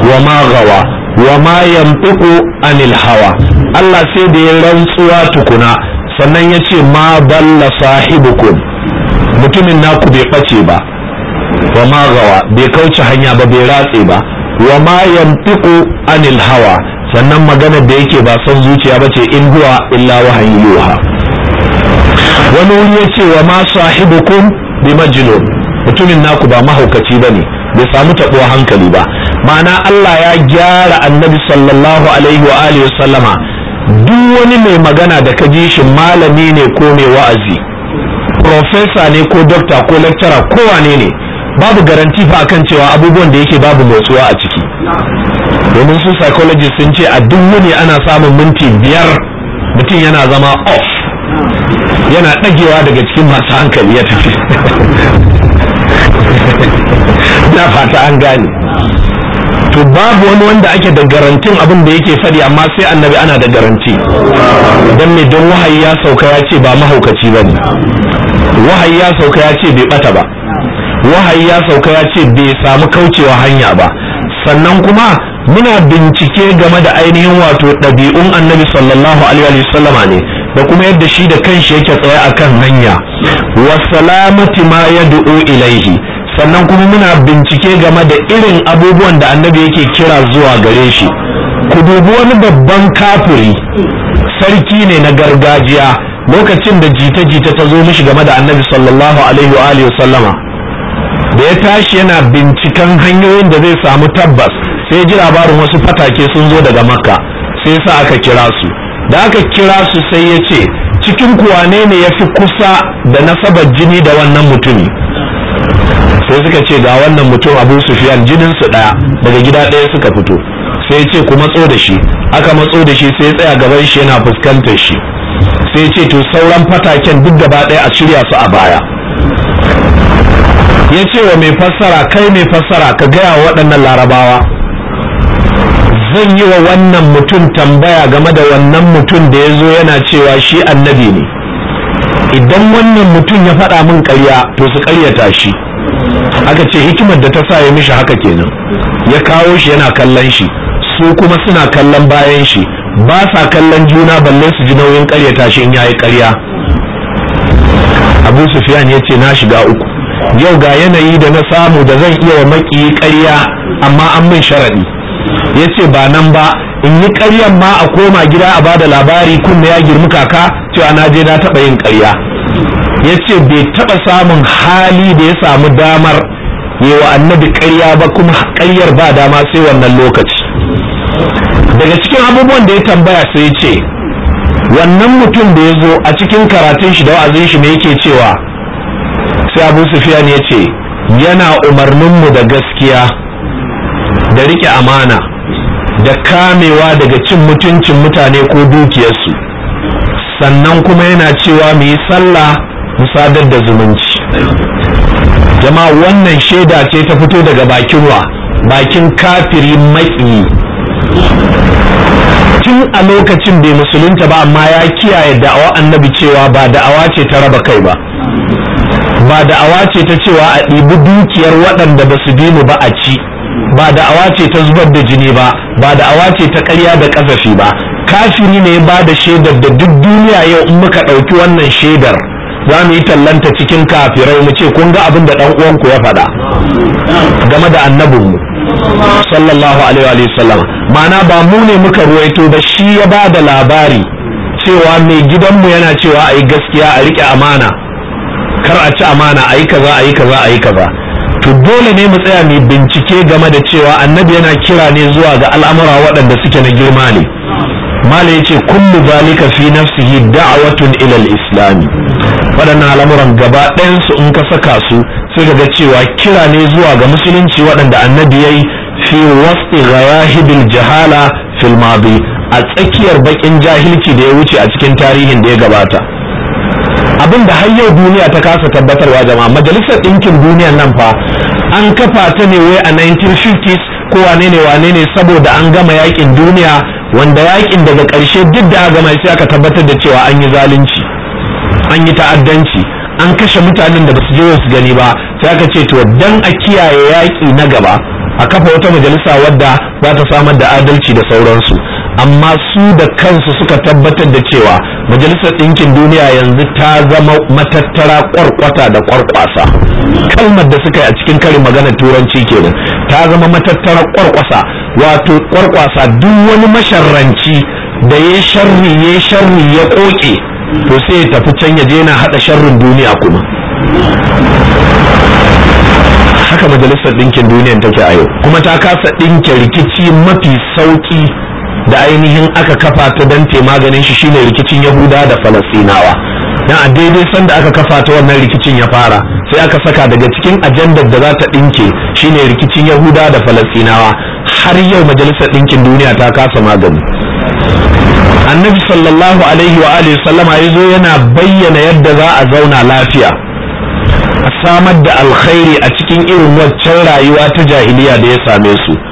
wa ma gawa wa ma yantiqu anil hawa Allah sai da ya rantsuwa tukuna sannan yace ma dalla sahibukum mutumin naku bai face ba wa ma gawa bai kauce hanya ba bai ratse ba wa ma yantiqu anil hawa sannan magana da yake ba son zuciya bace in huwa illa wahayi yuha wani wuri ya ce wa ma sahibukum bi majnun mutumin naku ba mahaukaci ba ne, bai samu taɓuwa hankali ba ma'ana Allah ya gyara annabi sallallahu alaihi wa alihi sallama duk wani mai magana da ka ji shi malami ne ko mai wa'azi profesa ne ko dokta ko lektara ko wane ne babu garanti fa kan cewa abubuwan da yake babu motsuwa a ciki domin su psychologist sun ce a duk wuni ana samun minti biyar mutum yana zama off yana ɗagewa daga cikin masu hankali ya tafi na fata an gane to babu wani wanda ake da garantin abin da yake faɗi amma sai annabi ana da garanti don me don wahayi ya sauka ya ce ba mahaukaci ba ne wahayi ya sauka ya ce bai ɓata ba wahayi ya sauka ya ce bai samu kaucewa hanya ba sannan kuma muna bincike game da ainihin wato ɗabi'un annabi sallallahu alaihi wasallama ne da kuma yadda shi da kanshi yake tsaye kan hanya wa salamati ma ya yad'u ilaihi sannan kuma muna bincike game da irin abubuwan da annabi yake kira zuwa gare shi ku dubi wani babban kafiri sarki ne na gargajiya lokacin da jita-jita ta zo mishi game da annabi sallallahu alaihi wa alihi sallama da ya tashi yana bincikan hanyoyin da zai samu tabbas sai ji labarin wasu fatake sun zo daga makka sai sa aka kira su da aka kira su sai ya ce cikin kuwane ne ya fi kusa da nasabar jini da wannan mutumi sai suka ce ga wannan mutum abu sufiyan jininsu ɗaya daga gida ɗaya suka fito sai ya ce ku matso da shi aka matso da shi sai ya tsaya gaban shi yana fuskantar shi sai ce to sauran fataken duk gaba ɗaya a shirya su a baya ya ce wa mai fassara kai mai fassara ka gaya wa waɗannan larabawa zan yi wa wannan mutum tambaya game da wannan mutum da ya zo yana cewa shi annabi ne idan wannan mutum ya faɗa min karya, to su ƙaryata shi aka ce hikimar da ta sa ya mishi haka kenan ya kawo shi yana kallon shi su kuma suna kallon bayan shi ba sa kallon juna balle su ji nauyin ƙaryata shi in yayi ƙarya abu sufiyan ya ce na shiga uku yau ga yanayi da na samu da zan iya wa maƙiyi ƙarya amma an min sharaɗi ya ce ba nan ba in yi ƙaryan ma a koma gida a bada labari kunne ya girmi kaka cewa na je na taɓa yin karya. ya ce bai taɓa samun hali da ya samu damar yi wa annabi karya ba kuma ƙaryar ba dama sai wannan lokaci daga cikin abubuwan da ya tambaya sai ya ce wannan mutum da ya zo a cikin karatun shi da wa'azin shi ne yake cewa sai abu sufiyan ya ce yana umarninmu da gaskiya da riƙe amana da kamewa daga cin mutuncin mutane ko dukiyarsu sannan kuma yana cewa mu yi sallah mu sadar da zumunci jama'a wannan shaida ce ta fito daga bakin wa bakin kafiri maki tun a lokacin bai musulunta ba amma ya kiyaye da'awa annabi cewa ba da'awa ce ta raba kai ba ba da'awa ce ta cewa a ɗibi dukiyar waɗanda ba su bi mu ba a ci ba da awace ta zubar da jini ba ba da awace ta karya da ƙazafi ba kafiri ne ba da shaidar da duk duniya yau in muka ɗauki wannan shaidar za mu yi tallanta cikin kafirai mu ce kun ga abin da ɗan uwanku ya faɗa game da annabinmu sallallahu alaihi wa sallam ma'ana ba mu ne muka ruwaito ba shi ya ba da labari cewa mai gidanmu yana cewa a yi gaskiya a riƙe amana kar a ci amana a yi kaza a yi kaza a yi kaza to dole ne mu tsaya mai bincike game da cewa annabi yana kira ne zuwa ga al'amura waɗanda suke na girma ne mala yace kullu zalika fi nafsihi da'watun ila al-islam waɗannan al'amuran gaba ɗayan su in ka saka su sai ka ga cewa kira ne zuwa ga musulunci waɗanda annabi yayi fi wasti ghayahibil jahala fil madi a tsakiyar bakin jahilci da ya wuce a cikin tarihin da ya gabata abin da har yau duniya ta kasa tabbatarwa jama'a majalisar ɗinkin duniya nan fa an kafa ta ne wai a 1950s ko wane ne wane ne saboda an gama yakin duniya wanda yakin daga karshe duk da gama sai aka tabbatar da cewa an yi zalunci an yi ta'addanci an kashe mutanen da basu je su gani ba sai aka ce to dan a kiyaye yaki na gaba a kafa wata majalisa wadda za ta samar da adalci da sauransu amma su da kansu suka tabbatar da cewa majalisar ɗinkin duniya yanzu ta zama matattara ƙwarƙwata da ƙwarƙwasa kalmar da suka yi a cikin karin maganar turanci kenan ta zama matattara ƙwarƙwasa wato ƙwarƙwasa duk wani masharranci da ya sharri ya sharri ya koke to sai ya tafi can ya je yana haɗa sharrin duniya kuma haka majalisar ɗinkin duniya take a yau kuma ta kasa ɗinke rikici mafi sauƙi. da ainihin aka kafa ta don maganin shi shine rikicin yahuda da falasinawa don a daidai sanda aka kafa ta wannan rikicin ya fara sai aka saka daga cikin ajandar da za ta ɗinke shine rikicin yahuda da falasinawa har yau majalisar ɗinkin duniya ta kasa magani annabi sallallahu alaihi wa alihi sallama ya zo yana bayyana yadda za a zauna lafiya a samar da alkhairi a cikin irin waccan rayuwa ta jahiliya da ya same su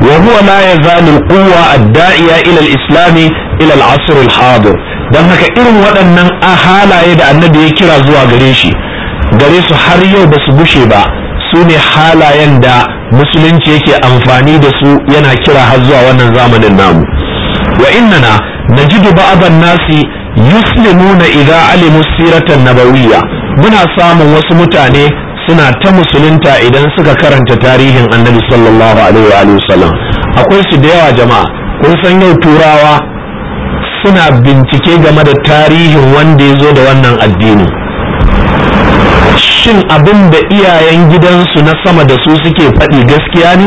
wa huwa la yazalu al-quwwa ad-da'iya ila al-islam ila al-asr dan haka irin waɗannan halaye da annabi ya kira zuwa gare shi gare su har yau ba su gushe ba su ne halayen da musulunci yake amfani da su yana kira har zuwa wannan zamanin namu wa innana najidu ba'dan nasi yuslimuna idza alimu siratan nabawiyya muna samun wasu mutane suna ta musulunta idan suka karanta tarihin annabi sallallahu alaihi wa akwai su da yawa jama'a kun san yau turawa suna bincike game da tarihin wanda ya zo da wannan addini shin abin da iyayen gidansu na sama da su suke faɗi gaskiya ne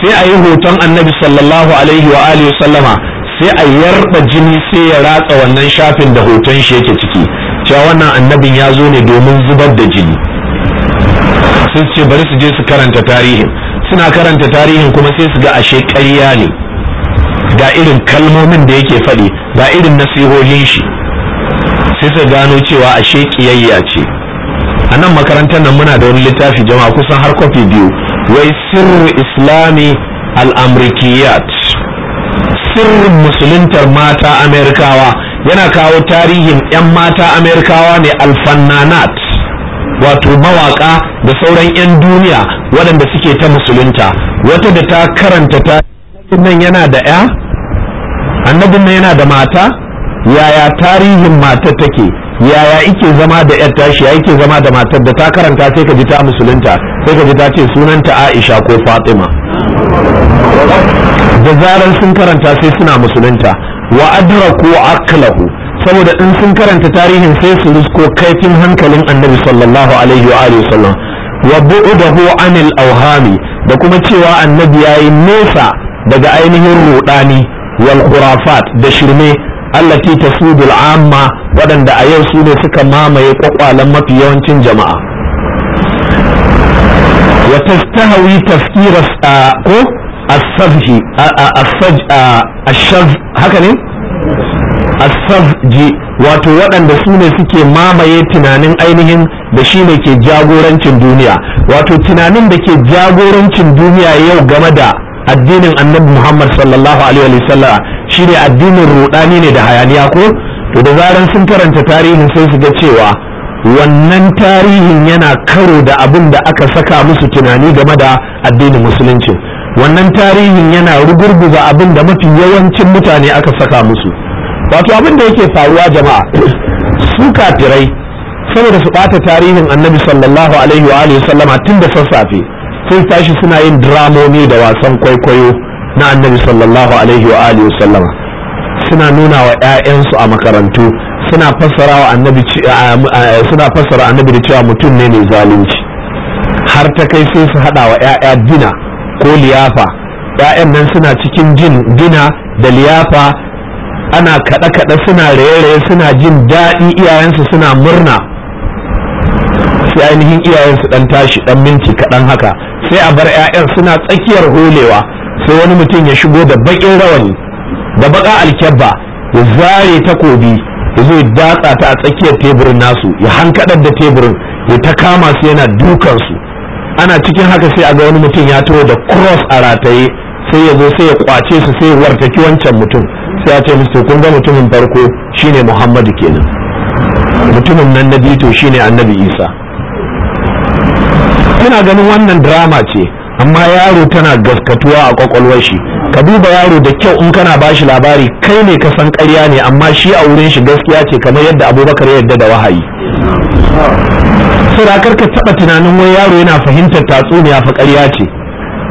sai a yi hoton annabi sallallahu alaihi wa sallama sai a yarda jini sai ya ratsa wannan shafin da hoton shi yake ciki cewa wannan annabin ya zo ne domin zubar da jini sai ce bari su je su karanta tarihin suna karanta tarihin kuma sai su ga ashe ƙarya ne ga irin kalmomin da yake faɗi ga irin nasihohin shi sai su gano cewa ashe ƙiyayya ce a nan makarantar nan muna da wani littafi jama'a kusan har kwafi biyu wai sirri islami al'amrikiyat sirrin musuluntar mata amerikawa yana kawo tarihin 'yan mata amerikawa ne alfannanat wato mawaka da sauran 'yan duniya waɗanda suke ta musulunta wata da ta karanta ta nan yana da 'ya annabin nan yana da mata yaya tarihin mata take yaya ike zama da 'yar tashi ya ike zama da matar da ta karanta sai ka ji ta musulunta sai ka ji ta ce sunanta aisha ko fatima da zarar sun karanta sai suna musulunta wa ko aklahu saboda in sun karanta tarihin sai su rusko kaifin hankalin annabi sallallahu alaihi wa alihi wa anil awhami da kuma cewa annabi yayi nesa daga ainihin rudani wal khurafat da shirme allati tasudul amma waɗanda a yau su ne suka mamaye ƙwaƙwalan mafi yawancin jama'a wa tastahawi tafkira ko as-sabhi as haka ne asafji wato waɗanda su ne suke mamaye tunanin ainihin da shi ne ke jagorancin duniya wato tunanin da ke jagorancin duniya yau game da addinin annabi muhammad sallallahu alaihi wasallam shi ne addinin rudani ne da hayaniya ko to da zaran sun karanta tarihin sai su ga cewa wannan tarihin yana karo da abin da aka saka musu tunani game da addinin musulunci wannan tarihin yana rugurguza abin da mafi yawancin mutane aka saka musu wato abin da yake faruwa jama'a su kafirai saboda su bata tarihin annabi sallallahu alaihi wa alihi sallama tun da sassafe sun tashi suna yin dramomi da wasan kwaikwayo na annabi sallallahu alaihi wa alihi sallama suna nuna wa 'ya'yansu a makarantu suna fassara wa annabi suna fassara annabi da cewa mutum ne mai zalunci har ta kai sai su hada wa 'ya'ya dina ko liyafa 'ya'yan nan suna cikin jin dina da liyafa ana kaɗe-kaɗe suna raye-raye suna jin daɗi iyayensu suna murna sai ainihin iyayensu ɗan tashi ɗan minti kaɗan haka sai a bar 'ya'yan suna tsakiyar holewa sai wani mutum ya shigo da baƙin rawani da baƙa alkyabba ya zare takobi ya zo datsa ta a tsakiyar teburin nasu ya hankaɗar da teburin ya ta kama su yana dukan su ana cikin haka sai a ga wani mutum ya taho da cross a rataye sai ya zo sai ya kwace su sai ya wartaki wancan mutum sai a ce musu kun ga mutumin farko shine muhammadu kenan mutumin nan na biyu to shine annabi isa kuna ganin wannan drama ce amma yaro tana gaskatuwa a kwakwalwar shi ka duba yaro da kyau in kana bashi labari kai ne ka san ƙarya ne amma shi a wurin shi gaskiya ce kamar yadda abubakar ya yarda da wahayi sadakar ka taba tunanin wai yaro yana fahimtar tatsuniya fa ƙarya ce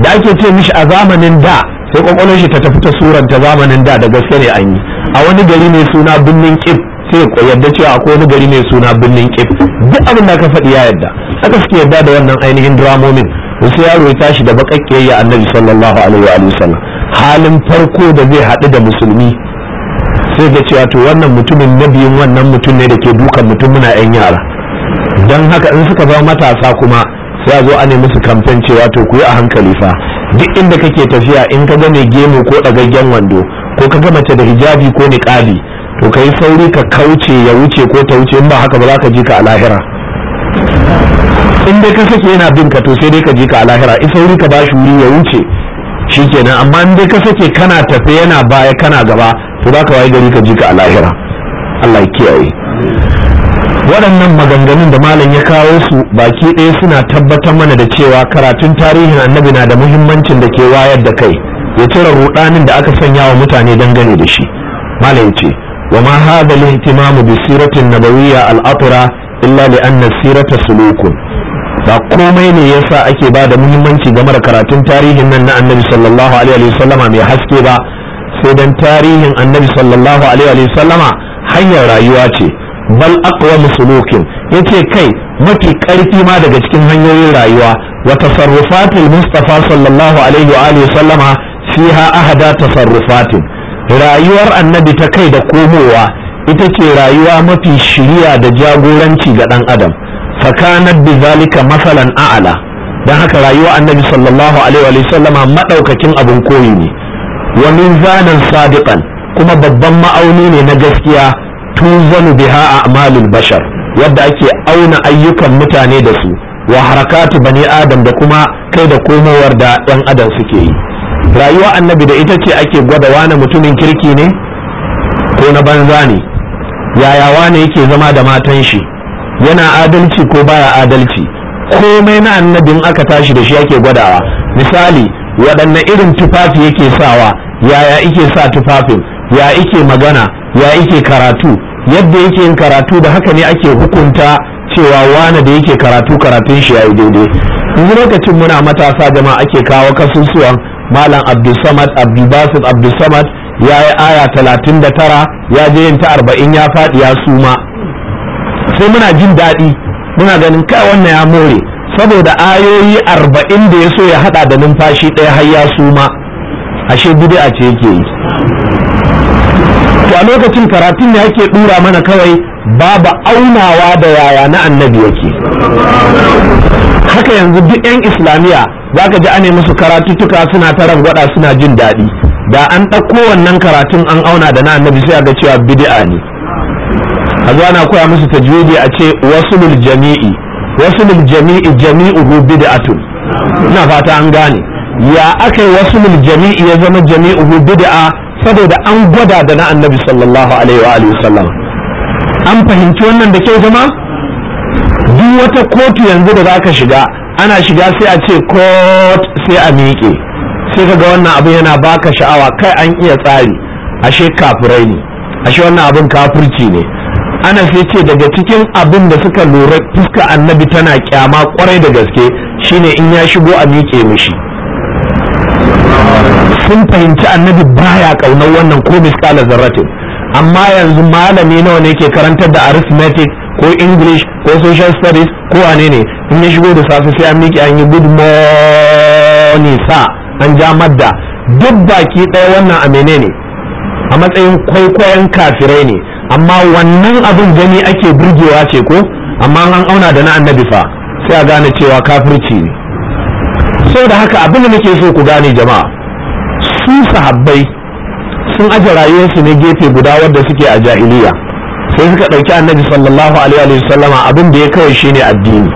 da ake ce mishi a zamanin da sai kwakwalon shi ta tafi ta surar ta zamanin da da gaske ne an yi a wani gari mai suna birnin kif sai ko yadda cewa akwai wani gari mai suna birnin kif duk abin da ka faɗi ya yadda aka suke yadda da wannan ainihin dramomin sai yaro ya tashi da bakakkiyar annabi sallallahu alaihi wa sallam halin farko da zai haɗu da musulmi sai ga cewa to wannan mutumin nabiyin wannan mutum ne da ke dukan mutum muna yan yara don haka in suka zama matasa kuma sai a zo a nemi su kamfen cewa to ku yi a hankali fa duk inda kake tafiya in ka ga mai gemu ko ɗagaggen wando ko ka ga mace da hijabi ko niqabi to ka sauri ka kauce ya wuce ko ta wuce in ba haka ba za ka ji ka a lahira in dai ka sake yana bin ka to sai dai ka ji ka a lahira in sauri ka bashi wuri ya wuce shikenan amma in dai ka sake kana tafe yana baya kana gaba to za ka wayi gari ka ji ka a lahira Allah ya kiyaye waɗannan maganganun da malam ya kawo su baki ɗaya suna tabbatar mana da cewa karatun tarihin annabi na da muhimmancin da ke wayar da kai ya cire rudanin da aka sanya wa mutane dangane da shi malam ya ce wa ma hada lihtimamu bi siratin nabawiyya al-athra illa li anna sirata sulukun ba komai ne yasa ake ba da muhimmanci game da karatun tarihin nan na annabi sallallahu alaihi wa sallama mai haske ba sai dan tarihin annabi sallallahu alaihi wa sallama hanyar rayuwa ce bal aqwa musulukin yace kai mafi karfi ma daga cikin hanyoyin rayuwa wa sarrufatin mustafa sallallahu alaihi wa alihi sallama fiha ahada tasarrufatin rayuwar annabi ta kai da komowa ita ce rayuwa mafi shiriya da jagoranci ga dan adam fakanat bizalika masalan a'ala dan haka rayuwa annabi sallallahu alaihi wa sallama madaukakin abin koyi ne wa min zanan sadiqan kuma babban ma'auni ne na gaskiya tuzanu biha a'malul bashar yadda ake auna ayyukan mutane da su wa harakatu bani adam da kuma kai da komowar da yan adam suke yi rayuwa annabi da ita ce ake gwada wani mutumin kirki ne ko na banza ne yaya wani yake zama da matan shi yana adalci ko baya adalci komai na annabin aka tashi da shi ake gwadawa misali waɗanne irin tufafi yake sawa yaya ike sa tufafin ya ike magana ya ike karatu yadda yake yin karatu da haka ne ake hukunta cewa wane da yake karatu karatun shi yayi daidai yanzu lokacin muna matasa jama'a ake kawo kasusuwan malam abdulsamad abdulbasit abdulsamad ya yi aya talatin da tara ya je yin ta arba'in ya faɗi ya suma sai muna jin daɗi muna ganin kai wannan ya more saboda ayoyi arba'in da ya so ya haɗa da numfashi ɗaya har ya suma ashe a ce yake yi to a lokacin karatun da yake dura mana kawai babu aunawa da yaya na annabi yake haka yanzu duk 'yan islamiyya za ka ji ane musu karatuttuka suna ta rangwada suna jin daɗi da an ɗauko wannan karatun an auna da na annabi sai aga ga cewa bid'a ne a zuwa na koya musu tajwidi a ce wasulul jami'i wasulul jami'i jami'uhu bid'atun ina fata an gane ya aka yi wasulul jami'i ya zama jami'uhu bid'a saboda an gwada da na annabi sallallahu alaihi wa sallam an fahimci wannan da kyau zama duk wata kotu yanzu da zaka shiga ana shiga sai a ce court sai a miƙe sai kaga wannan abin yana baka sha'awa kai an iya tsari ashe kafirai ne ashe wannan abin kafirci ne ana sai ce daga cikin abin da suka lura fuska annabi tana kyama kwarai da gaske shine in ya shigo a miƙe mishi sun fahimci annabi baya kaunar wannan ko misqala zarratin amma yanzu malami nawa ne ke karantar da arithmetic ko english ko social studies ko wane ne in ya shigo da safe sai an miki an yi good morning sa an ja madda duk baki ɗaya wannan a menene a matsayin kwaikwayon kafirai ne amma wannan abin gani ake burgewa ce ko amma an auna da na annabi fa sai a gane cewa kafirci ne sau da haka abin da nake so ku gane jama'a su sahabbai sun aje rayuwarsu ne gefe guda wadda suke a jahiliya sai suka ɗauki annabi sallallahu alaihi wa sallama abin da ya kawai shine addini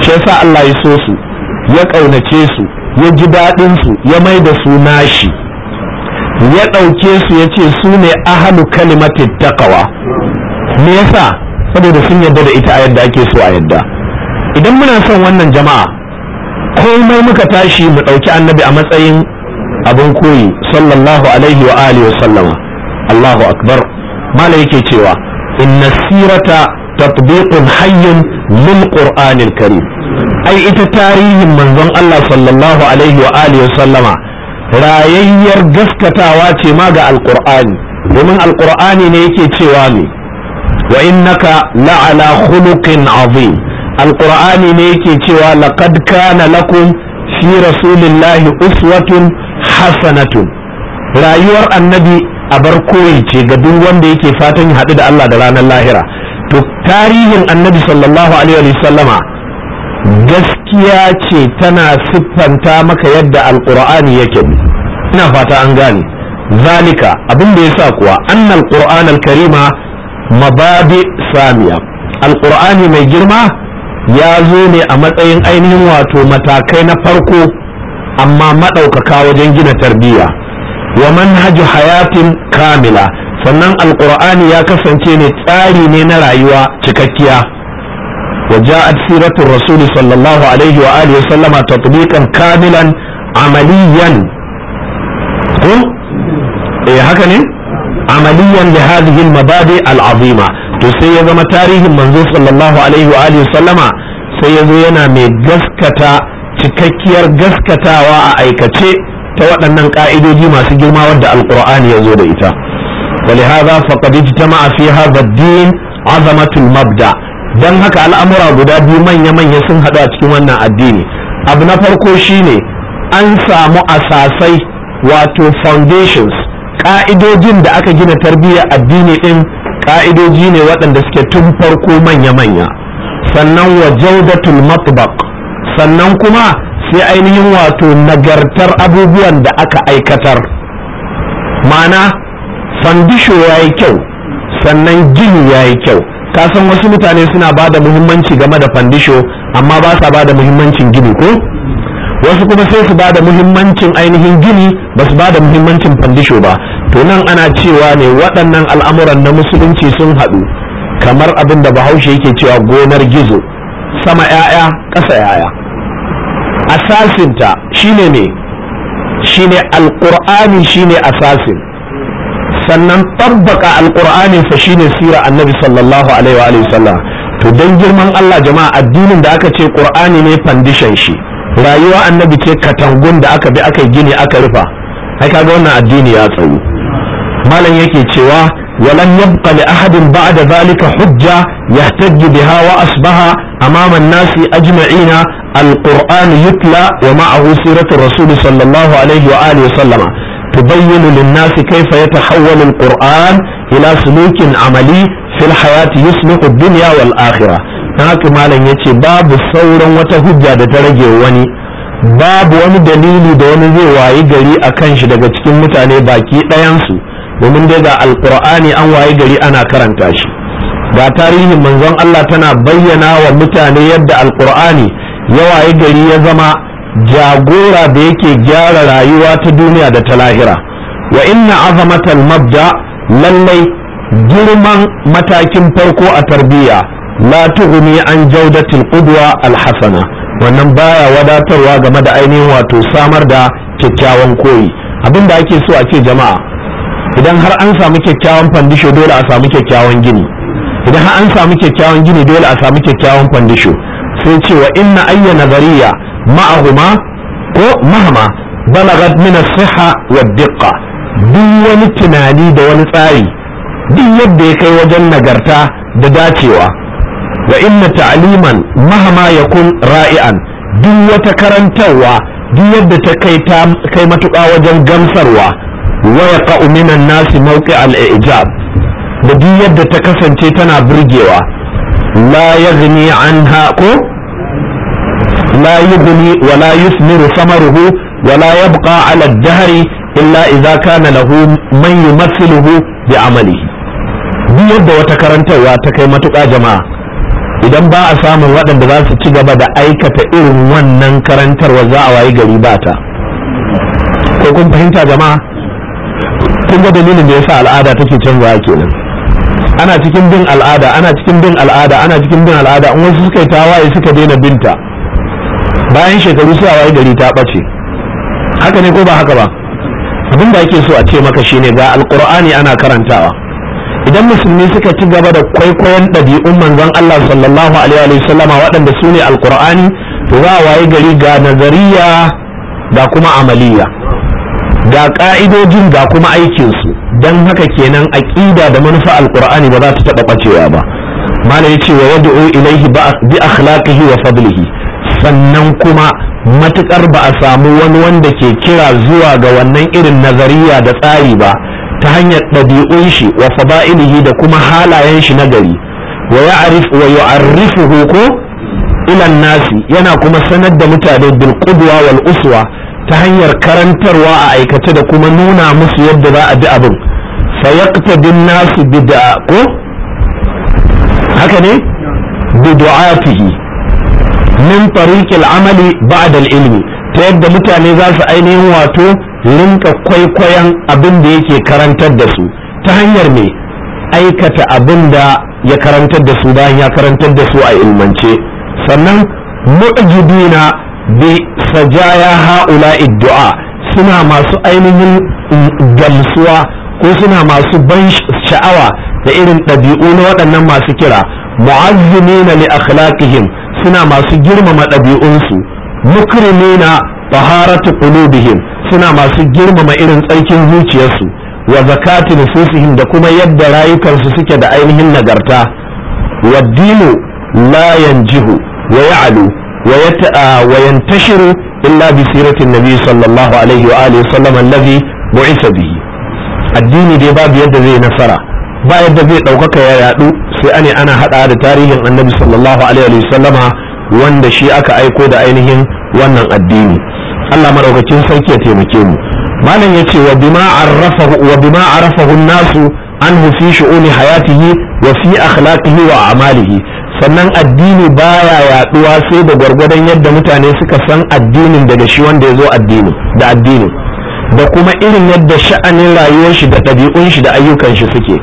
shi yasa Allah ya so su ya ƙaunace su ya ji daɗin su ya mai da su nashi ya ɗauke su ya ce su ne ahalu kalimati taqwa me yasa saboda sun yarda da ita a yadda ake so a yadda idan muna son wannan jama'a komai muka tashi mu ɗauki annabi a matsayin abin koyi sallallahu alaihi wa alihi wa sallama Allahu akbar malai yake cewa inna sirata tatbiqun hayyun lil qur'anil karim ai ita tarihin manzon Allah sallallahu alaihi wa alihi wa sallama rayayyar gaskatawa ce ma ga alqur'ani domin alqur'ani ne yake cewa ne wa innaka la'ala khuluqin azim alqur'ani ne yake cewa laqad kana lakum fi rasulillahi uswatun hasanatun rayuwar annabi a bar koyi ce ga duk wanda yake fatan ya haɗu da Allah da ranar lahira to tarihin annabi sallallahu alaihi sallama gaskiya ce tana siffanta maka yadda alqur'ani yake ina fata an gane zalika abin da yasa kuwa annal qur'an alkarima mabadi samiya alqur'ani mai girma ya zo ne a matsayin ainihin wato matakai na farko amma maɗaukaka wajen gina tarbiyya wa manhaju hayatin kamila sannan alqur'ani ya kasance ne tsari ne na rayuwa cikakkiya wa ja'at siratul rasul sallallahu alaihi wa alihi sallama tatbiqan kamilan amaliyan ko eh haka ne amaliyan li hadhihi al mabadi al azima to sai ya zama tarihin manzo sallallahu alaihi wa alihi sallama sai ya zo yana mai gaskata cikakkiyar gaskatawa a aikace ta waɗannan ƙa'idoji masu girma wadda alƙur'ani ya zo da ita ولهذا فقد اجتمع في هذا الدين عظمة المبدأ dan haka al'amura guda biyu manya-manya sun haɗu a cikin wannan addini abu na farko shine an samu asasai wato foundations ƙa'idojin da aka gina tarbiyyar addini ɗin ka'idoji ne waɗanda suke tun farko manya-manya sannan wa jaudatul matbaq sannan kuma sai ainihin wato nagartar abubuwan da aka aikatar mana fandisho ya yi kyau sannan gini ya yi kyau kasan wasu mutane suna ba da muhimmanci game da fandisho amma ba sa ba da muhimmancin gini ko wasu kuma sai su ba da muhimmancin ainihin gini ba su ba da muhimmancin fandisho ba to nan ana cewa ne waɗannan al'amuran na musulunci sun haɗu kamar abin da bahaushe yake cewa gonar gizo sama 'ya'ya ƙasa 'ya'ya asasinta shine ne shine alqur'ani shine asasin sannan tabbaka alqur'ani fa shine sira annabi sallallahu alaihi wa sallam to dan girman Allah jama'a addinin da aka ce qur'ani ne foundation shi rayuwa annabi ce katangun da aka bi aka gini aka rufa ai kaga wannan addini ya tsayu malam yake cewa walan yabqa li ahadin ba'da zalika hujja yahtajju biha wa asbaha amama an-nasi ajma'ina القرآن يتلى ومعه سيرة الرسول صلى الله عليه وآله وسلم تبين للناس كيف يتحول القرآن إلى سلوك عملي في الحياة يصلح الدنيا والآخرة هناك ما لن يتي باب الثورة وتهجى ترجع وني باب wani dalili da wani zai wayi gari a kan shi daga cikin mutane baki ɗayansu domin dai ga alkur'ani an wayi gari ana karanta shi ga tarihin manzon Allah tana bayyana wa mutane yadda alkur'ani yawa gari ya zama jagora da yake gyara rayuwa ta duniya da ta lahira wa inna azamatal mabda lallai girman matakin farko a tarbiyya la tughni an jaudatil qudwa alhasana wannan baya wadatarwa game da ainihin wato samar da kyakkyawan koyi abinda ake so a ce jama'a idan har an samu kyakkyawan fandisho dole a samu kyakkyawan gini idan har an samu kyakkyawan gini dole a samu kyakkyawan fandisho wato ya ce wa inna ayya nazariya ma'ahuma ko mahama balagat min as-sihha wa diqqa duk wani tunani da wani tsari duk yadda ya kai wajen nagarta da dacewa wa inna ta'liman mahama yakun ra'ian duk wata karantarwa duk yadda ta kai ta kai matuƙa wajen gamsarwa wa yaqa'u minan nasi mawqi'al i'jab da duk yadda ta kasance tana burgewa la yaghni anha ko Wala yubni wa la yusmiru samaruhu wa la yabqa ala illa izaka kana lahu man da bi yadda wata karantarwa ta kai matuƙa jama'a idan ba a samun waɗanda za su ci gaba da aikata irin wannan karantarwa za a wayi gari ba ta ko kun fahimta jama'a kun ga dalilin da yasa al'ada take canzawa kenan ana cikin bin al'ada ana cikin bin al'ada ana cikin bin al'ada in wasu suka yi tawaye suka daina binta bayan shekaru sai a waye gari ta ɓace haka ne ko ba haka ba abin da ake so a ce maka shine ga alkur'ani ana karantawa idan musulmi suka ci gaba da kwaikwayon ɗabi'un manzon Allah sallallahu alaihi wa sallama waɗanda su ne alkur'ani to za a waye gari ga nazariya ga kuma amaliya ga ka'idojin ga kuma aikinsu don haka kenan aƙida da manufa Alƙur'ani ba za su taɓa ɓacewa ba malami ya ce wa yad'u ilaihi bi akhlaqihi wa fadlihi sannan kuma matukar ba a samu wani wanda ke kira zuwa ga wannan irin nazariya da tsari ba ta hanyar ɗabi'un shi wa fada'ilihi da kuma halayen shi nagari gari wa yu'arrifuhu ko ilan nasi yana kuma sanar da mutane bil qudwa wal uswa ta hanyar karantarwa a aikace da kuma nuna musu yadda za a bi abin fa yaqtadin nasu bid'a ko haka ne bidu'atihi min tariqil amali ba'da ilmi ta yadda mutane za su ainihin wato rinka kwaikwayon abin da yake karantar da su ta hanyar me aikata abin da ya karantar da su bayan ya karantar da su a ilmance sannan mu'jibina bi sajaya haula du'a suna masu ainihin mm, gamsuwa ko suna masu ban sha'awa da irin ɗabi'u na waɗannan masu kira mu'azzimina li akhlaqihim suna masu girmama ɗabi'unsu na taharatu qulubihim suna masu girmama irin tsarkin zuciyarsu wa zakati nufusihim da kuma yadda rayukansu suke da ainihin nagarta wa dinu la yanjihu wa ya'lu wa yantashiru illa bi siratin nabi sallallahu alaihi wa alihi sallam allazi bu'isa bihi addini dai babu yadda zai nasara ba yadda zai ɗaukaka ya yadu sai ne ana hada da tarihin annabi sallallahu alaihi wasallama wanda shi aka aiko da ainihin wannan addini Allah madaukakin sarki ya taimake mu malam yace wa bima arrafahu wa bima an-nasu anhu fi shu'uni hayatihi wa fi akhlaqihi wa a'malihi sannan addini baya yaduwa sai da gwargwadon yadda mutane suka san addinin daga shi wanda ya zo addini da addini da kuma irin yadda sha'anin rayuwar shi da ɗabi'un shi da ayyukan shi suke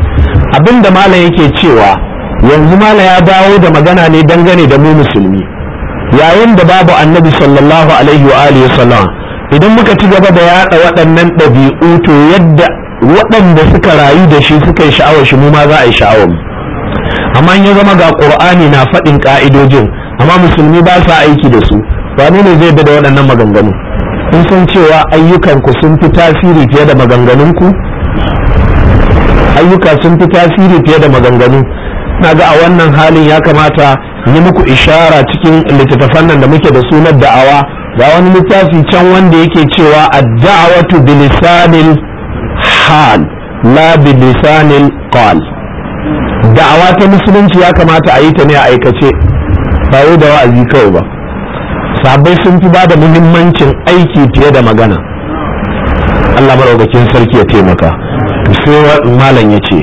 abinda malam yake cewa yanzu mala ya dawo da magana ne dangane da mu musulmi yayin da babu annabi sallallahu alaihi wa alihi sallam idan muka ci gaba da yada waɗannan ɗabi'u to yadda waɗanda suka rayu da shi suka yi sha'awar shi mu ma za a yi sha'awar amma ya zama ga qur'ani na faɗin ka'idojin amma musulmi ba sa aiki da su wani ne zai da waɗannan maganganu kun san cewa ayyukanku sun fi tasiri fiye da maganganunku ayyuka sun fi tasiri fiye da maganganu na ga a wannan halin ya kamata yi muku ishara cikin littattafan nan da muke da sunan da'awa ga wani littafi can wanda yake cewa ad-da'watu bilisanil hal la bilisanil qal da'awa ta musulunci ya kamata a yi ta ne a aikace ba wai da wa'azi kawai ba sabai sun fi bada muhimmancin aiki fiye da magana Allah maraukakin sarki ya taimaka sai malam ya ce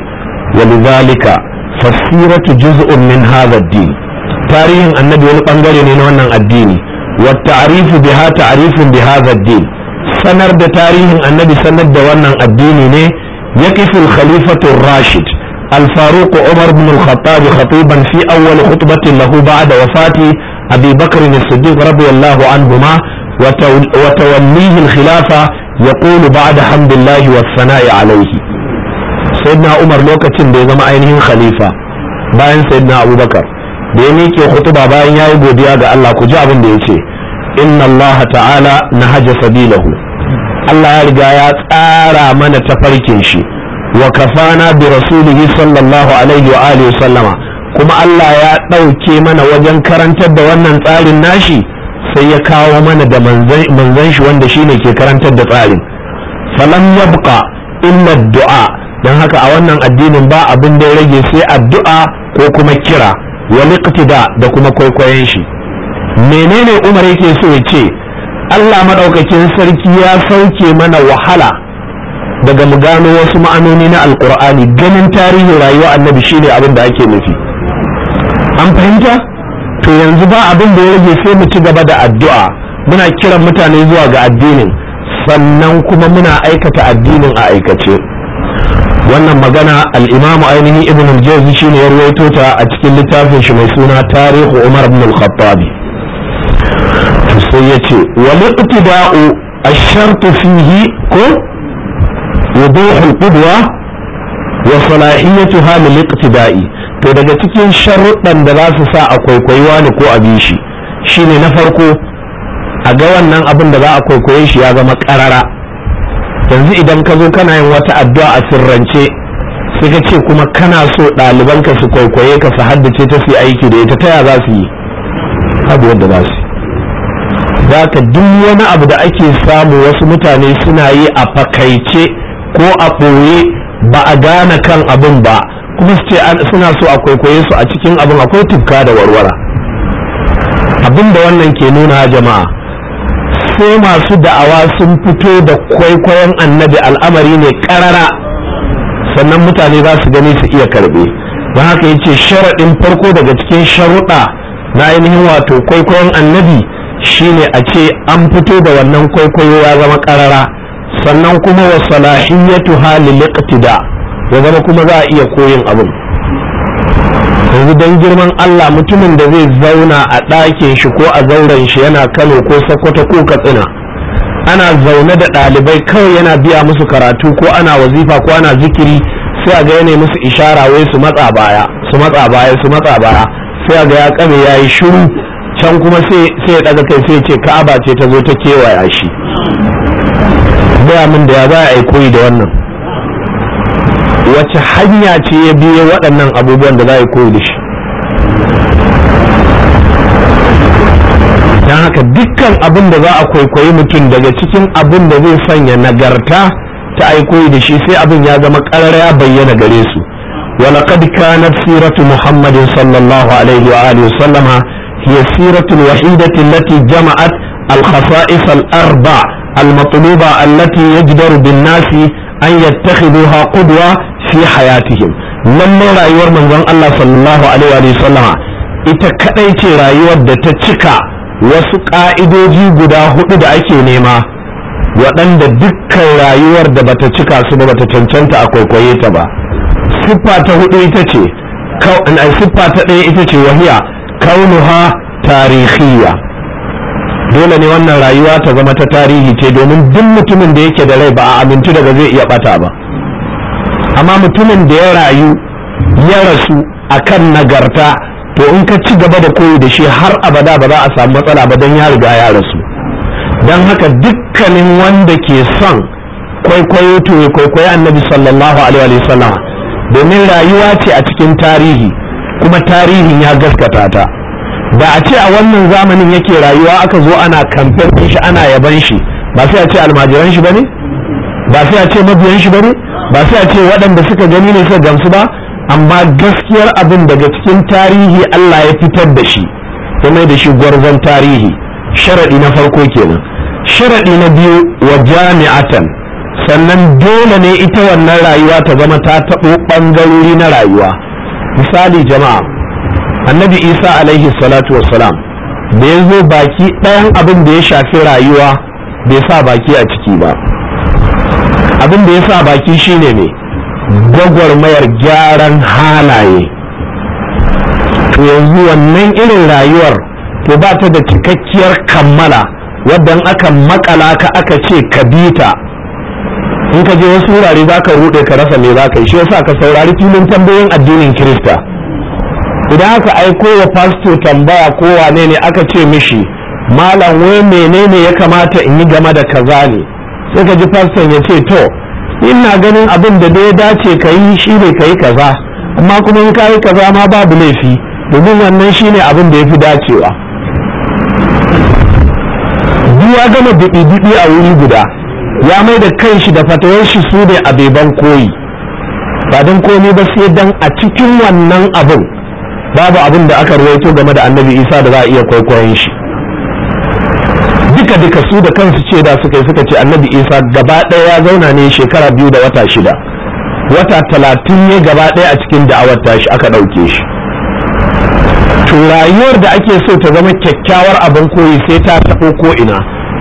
zali-zalika. fasiratu juz'un min hadha ad-din tarihin annabi wani bangare ne na wannan addini wa ta'rifu biha ta'rifun bi hadha ad-din sanar da tarihin annabi sanar da wannan addini ne yaqifu al-khalifatu ar-rashid الفاروق عمر بن الخطاب خطيبا في أول خطبة له بعد وفاة أبي بكر الصديق رضي الله عنهما وتوليه الخلافة يقول بعد حمد الله والثناء عليه sayyidina umar lokacin da ya zama ainihin khalifa bayan sayyidina abubakar da ya miƙe hutuba bayan ya yi godiya ga allah ku ji abin da ya ce inna allah ta'ala na haja sabilahu allah ya riga ya tsara mana tafarkin shi wa kafana bi rasulihi sallallahu alaihi wa alihi wa sallama kuma allah ya ɗauke mana wajen karantar da wannan tsarin nashi sai ya kawo mana da manzan shi wanda shine ke karantar da tsarin falan yabqa illa du'a don haka a wannan addinin ba abin da ya rage sai addu'a ko kuma kira wani iqtida da kuma kwaikwayon shi menene umar yake so ya ce allah maɗaukakin sarki ya sauke mana wahala daga mu gano wasu ma'anoni na alkur'ani ganin tarihin rayuwa annabi shine abin da ake nufi an fahimta to yanzu ba abin da ya rage sai mu ci gaba da addu'a muna kiran mutane zuwa ga addinin sannan kuma muna aikata addinin a aikace wannan magana al-imamu ainihi ibn al-jawzi shine ya ruwaito ta a cikin littafin shi mai suna tarihu umar ibn al-khattabi sai ya ce wal iqtida'u ash-shartu fihi ko wuduh al-qudwa wa salahiyatuha lil iqtida'i to daga cikin sharuɗan da za su sa a kwaikwaiwa ne ko a bi shi shine na farko a ga wannan abin da za a kwaikwaye shi ya zama ƙarara yanzu idan ka zo kana yin wata addu'a a sirrance sai ka ce kuma kana so ɗalibanka su kwaikwaye ka su haddace ta su aiki da ita taya za su yi abu wanda za su za ka duk wani abu da ake samu wasu mutane suna yi a fakaice ko a ɓoye ba a gane kan abin ba kuma su ce suna so a kwaikwaye su a cikin abin akwai tufka da warwara abin da wannan ke nuna jama'a ko masu da'awa sun fito da kwaikwayon annabi al'amari ne karara sannan mutane za su gani su iya karbe don haka ya ce sharaɗin farko daga cikin sharuɗa na ainihin wato kwaikwayon annabi shine a ce an fito da wannan kwaikwayo ya zama karara sannan kuma wa salahiyatu halil iqtida ya zama kuma za a iya koyin abin yanzu don girman Allah mutumin da zai zauna a ɗakin shi ko a zauren shi yana Kano ko Sokoto ko Katsina ana zaune da ɗalibai kawai yana biya musu karatu ko ana wazifa ko ana zikiri sai a ga yana musu ishara wai su matsa baya su matsa baya su matsa baya sai a ga ya kame ya yi shiru can kuma sai ya ɗaga kai sai ya ce Ka'aba ce ta zo ta kewaya shi. ba min da ya za a yi koyi da wannan. wace hanya ce ya biye waɗannan abubuwan da za a koyi da shi don haka dukkan abin da za a kwaikwayi mutum daga cikin abin da zai sanya nagarta ta aiko da shi sai abin ya zama ƙarar bayyana gare su kanar siratu سيرة محمد صلى الله عليه وآله وسلم هي السيرة الوحيدة التي جمعت الخصائص الأربع المطلوبة التي يجدر بالناس أن يتخذوها قدوة fi hayatihim nan mun rayuwar manzon Allah sallallahu alaihi wa sallama ita kadai ce rayuwar da ta cika wasu ka'idoji guda hudu da ake nema waɗanda dukkan rayuwar da bata cika su ba bata cancanta a kwaikwaye ta ba siffa ta hudu ita ce siffa ta ɗaya ita ce wahiya kaunuha tarihiya dole ne wannan rayuwa ta zama ta tarihi ce domin duk mutumin da yake da rai ba a amintu daga zai iya bata ba amma mutumin da ya rayu ya rasu a kan nagarta to in ka ci gaba da koyi da shi har abada ba za a samu matsala ba don ya riga ya rasu don haka dukkanin wanda ke son kwaikwayo to ya kwaikwayi annabi sallallahu alaihi wa sallama domin rayuwa ce a cikin tarihi kuma tarihin ya gaskata ta da a ce a wannan zamanin yake rayuwa aka zo ana kamfen shi ana yaban shi ba sai a ce almajiran shi ba ne ba sai a ce mabiyan shi bane ba sai a ce waɗanda suka gani ne suka gamsu ba amma gaskiyar abin daga cikin tarihi Allah ya fitar da shi ya mai da shi gwarzon tarihi sharadi na farko kenan sharadi na biyu wa jami'atan sannan dole ne ita wannan rayuwa ta zama ta taɓo ɓangarori na rayuwa misali jama'a annabi isa alaihi salatu wassalam da ya zo baki ɗayan abin da ya shafi rayuwa bai sa baki a ciki ba abin da ya sa baki shine ne gwagwarmayar gyaran halaye to yanzu wannan irin rayuwar to ba ta da cikakkiyar kammala wadda aka makala ka aka ce ka bita in ka je wasu wurare za ka rude ka rasa me za ka yi shi yasa ka saurari filin tambayoyin addinin kirista idan aka aiko wa fasto tambaya ko wane ne aka ce mishi malam wai menene ya kamata in yi game da kaza ne sai ka ji faston ya ce to ina ganin abin da ya dace ka yi shi ne ka yi kaza amma kuma in ka yi kaza ma babu laifi domin wannan shi ne abin da ya fi dacewa ya gama biɗi a wuri guda ya mai da kan shi da fatawar shi su ne a beban koyi ba don komi ba sai dan a cikin wannan abin babu abin da aka ruwaito game da annabi isa da za a iya kwaikwayon shi duka duka su da kansu ce da suka yi suka ce annabi isa gaba ɗaya ya zauna ne shekara biyu da wata shida wata talatin ne gaba ɗaya a cikin da'awar tashi aka ɗauke shi to da ake so ta zama kyakkyawar abin koyi sai ta taɓo ko ina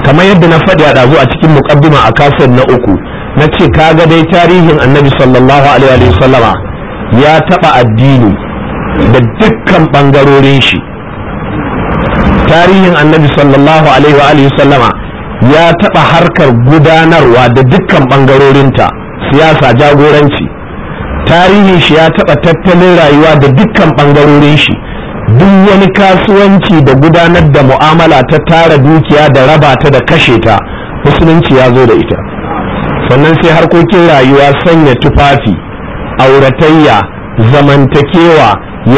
kamar yadda na faɗi a ɗazu a cikin muƙaddima a kasar na uku na ce kaga dai tarihin annabi sallallahu alaihi wa sallama ya taɓa addini da dukkan ɓangarorin shi tarihin annabi sallallahu alaihi wa sallama ya taɓa harkar gudanarwa da dukkan ɓangarorinta siyasa jagoranci tarihin shi ya taɓa tattalin rayuwa da dukkan ɓangarorin shi duk wani kasuwanci da gudanar da mu'amala ta tara dukiya da raba ta da kashe ta musulunci ya zo da ita sannan sai harkokin rayuwa sanya tufafi auratayya zamantakewa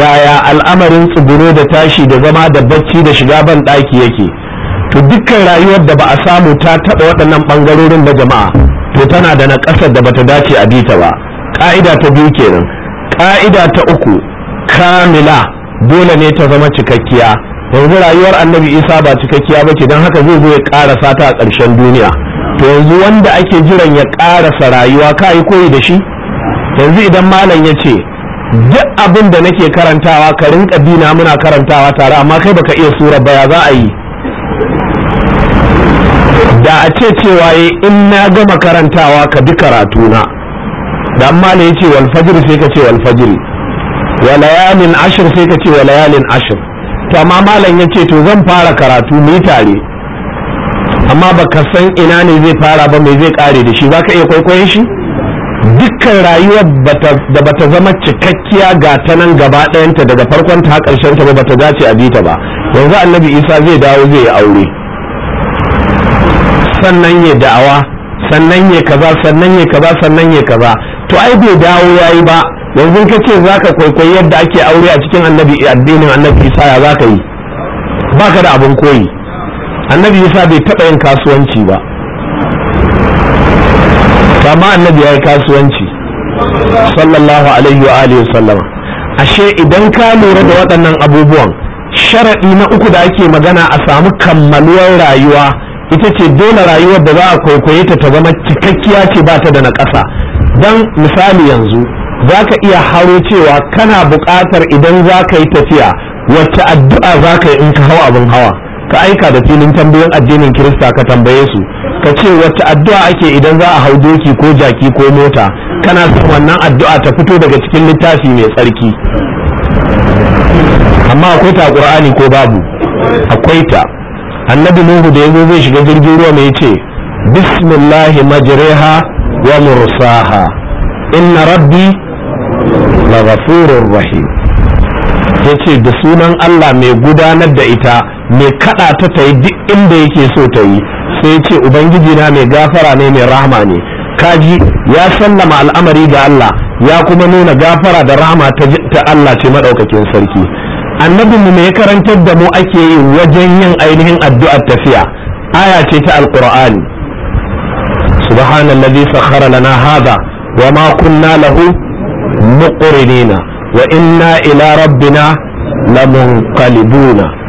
yaya al'amarin tsibiro da tashi da zama da bacci da shiga ban ɗaki yake to dukkan rayuwar da ba a samu ta taɓa waɗannan ɓangarorin da jama'a to tana da na ƙasar da bata dace a bita ba ƙa'ida ta biyu kenan ƙa'ida ta uku kamila dole ne ta zama cikakkiya yanzu rayuwar annabi isa ba cikakkiya ba ce don haka zai zo ya ƙarasa sata a ƙarshen duniya to yanzu wanda ake jiran ya ƙarasa rayuwa ka yi koyi da shi yanzu idan malam ya ce duk abin da nake karantawa ka rinka dina muna karantawa tare amma kai baka iya sura ba ya za a yi da a ce cewa eh, in na gama karantawa ka bi karatuna da amma ne ya ce walfajir sai ka ce walfajir, wa layalin ashir sai ka ce wa layalin ashir to amma malam ya ce to zan fara karatu mu tare amma baka san ina ne zai fara ba mai zai kare da shi zaka iya kwaikwayon shi dukkan rayuwar da bata zama cikakkiya ga ta nan gaba ɗayanta daga farkon ta ƙarshen ta ba bata dace a bita ba yanzu annabi isa zai dawo zai yi aure sannan ya da'awa sannan ya kaza sannan ya kaza sannan ya kaza to ai bai dawo yayi ba yanzu ka ce za ka kwaikwayi yadda ake aure a cikin annabi addinin annabi isa ya za ka yi ba ka da abin koyi annabi isa bai taɓa yin kasuwanci ba amma annabi ya yi kasuwanci sallallahu alaihi wa alihi sallama ashe idan ka lura da waɗannan abubuwan sharaɗi na uku da ake magana a samu kammaluwar rayuwa ita ce dole rayuwar da za a kwaikwaye ta ta zama cikakkiya ce ba ta da na ƙasa don misali yanzu za ka iya haro cewa kana buƙatar idan za ka yi tafiya wacce addu'a za ka yi in ka hau abin hawa ka aika da filin tambayoyin addinin kirista ka tambaye su ka ce wata addu'a ake idan za a hau doki ko jaki ko mota kana son wannan addu'a ta fito daga cikin littafi mai tsarki amma akwai ta qur'ani ko babu akwai ta annabi nuhu da yazo zai shiga jirgin ruwa mai ce bismillahi majriha wa mursaha inna rabbi laghafurur rahim yace da sunan Allah mai gudanar da ita mai kaɗa ta ta yi duk inda yake so ta yi sai ce ubangiji na mai gafara ne mai rahama ne kaji ya sallama al'amari ga Allah ya kuma nuna gafara da rahama ta Allah ce madaukakin sarki mu ya karantar da mu ake yi wajen yin ainihin addu'ar tafiya aya ce ta alqur'ani subhanallazi sakhara lana hadha wa kunna lahu muqrinina wa inna ila rabbina lamunqalibuna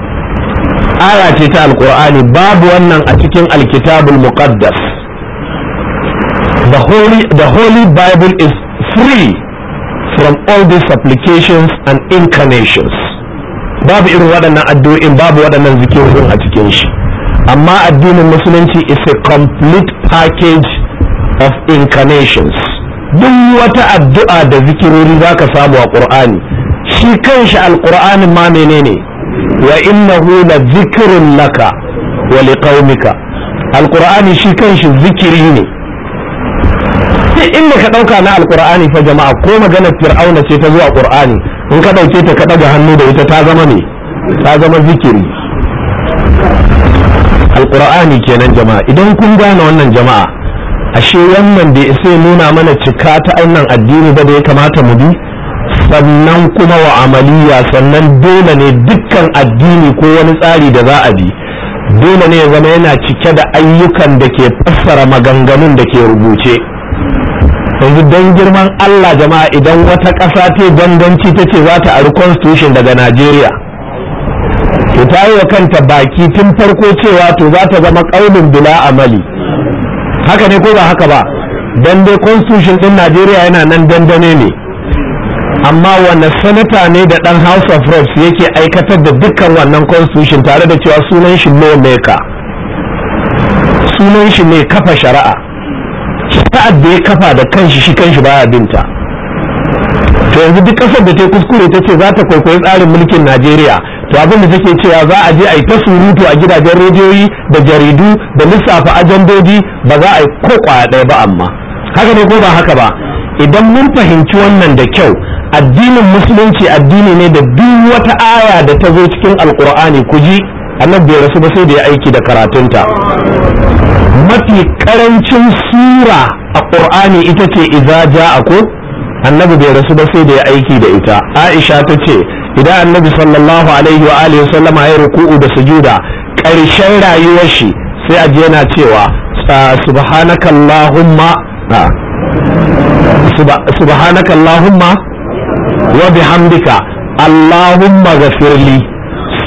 aya ce ta alkur'ani babu wannan a cikin alkitabul muqaddas the holy, bible is free from all these supplications and incarnations babu irin waɗannan addu'o'in babu waɗannan zikirin a cikin shi amma addinin musulunci is a complete package of incarnations duk wata addu'a da zikirori zaka samu a ƙur'ani shi kanshi alkur'ani ma menene wa innahu la zikrun laka wa liqaumika alqur'ani shi kanshi zikiri ne sai inda ka dauka na alqur'ani fa jama'a ko maganar fir'auna ce ta zuwa qur'ani in ka dauke ta ka daga hannu da ita ta zama ne ta zama zikiri alqur'ani kenan jama'a idan kun gane wannan jama'a ashe wannan bai isa nuna mana cika ta wannan addini ba da ya kamata mu bi sannan kuma wa amaliya sannan dole ne dukkan addini ko wani tsari da za a bi dole ne zama yana cike da ayyukan da ke fassara maganganun da ke rubuce yanzu don girman Allah jama'a idan wata ƙasa ta danganci ta ce za ta ari constitution daga Najeriya to ta yi wa kanta baki tun farko cewa to za ta zama ƙaunin bila amali haka ne ko ba haka ba Don dai constitution din Najeriya yana nan dandane ne amma wanne sanata ne da dan house of reps yake aikatar da dukkan wannan constitution tare da cewa sunan shi lawmaker sunan shi ne kafa shari'a sa'ad da ya kafa da kanshi shi kanshi baya binta to yanzu duk kasar da ta kuskure ta ce za ta kwaikwayi tsarin mulkin najeriya to abin da take cewa za a je a yi ta surutu a gidajen rediyoyi da jaridu da lissafa ajandodi ba za a yi ko kwaya ɗaya ba amma haka ne ko ba haka ba idan mun fahimci wannan da kyau addinin musulunci addini ne da duk wata aya da ta zo cikin alkur'ani ku ji annabi bai rasu ba sai da ya aiki da karatunta mafi karancin sura a ƙur'ani ita ce idza ja'a ku annabi bai rasu ba sai da ya aiki da ita aisha ta ce idan annabi sallallahu alaihi wa alihi sallama ya ruku'u da sujuda karshen rayuwar shi sai a yana cewa subhanakallahumma subhanakallahumma wa bihamdika allahumma ghafirli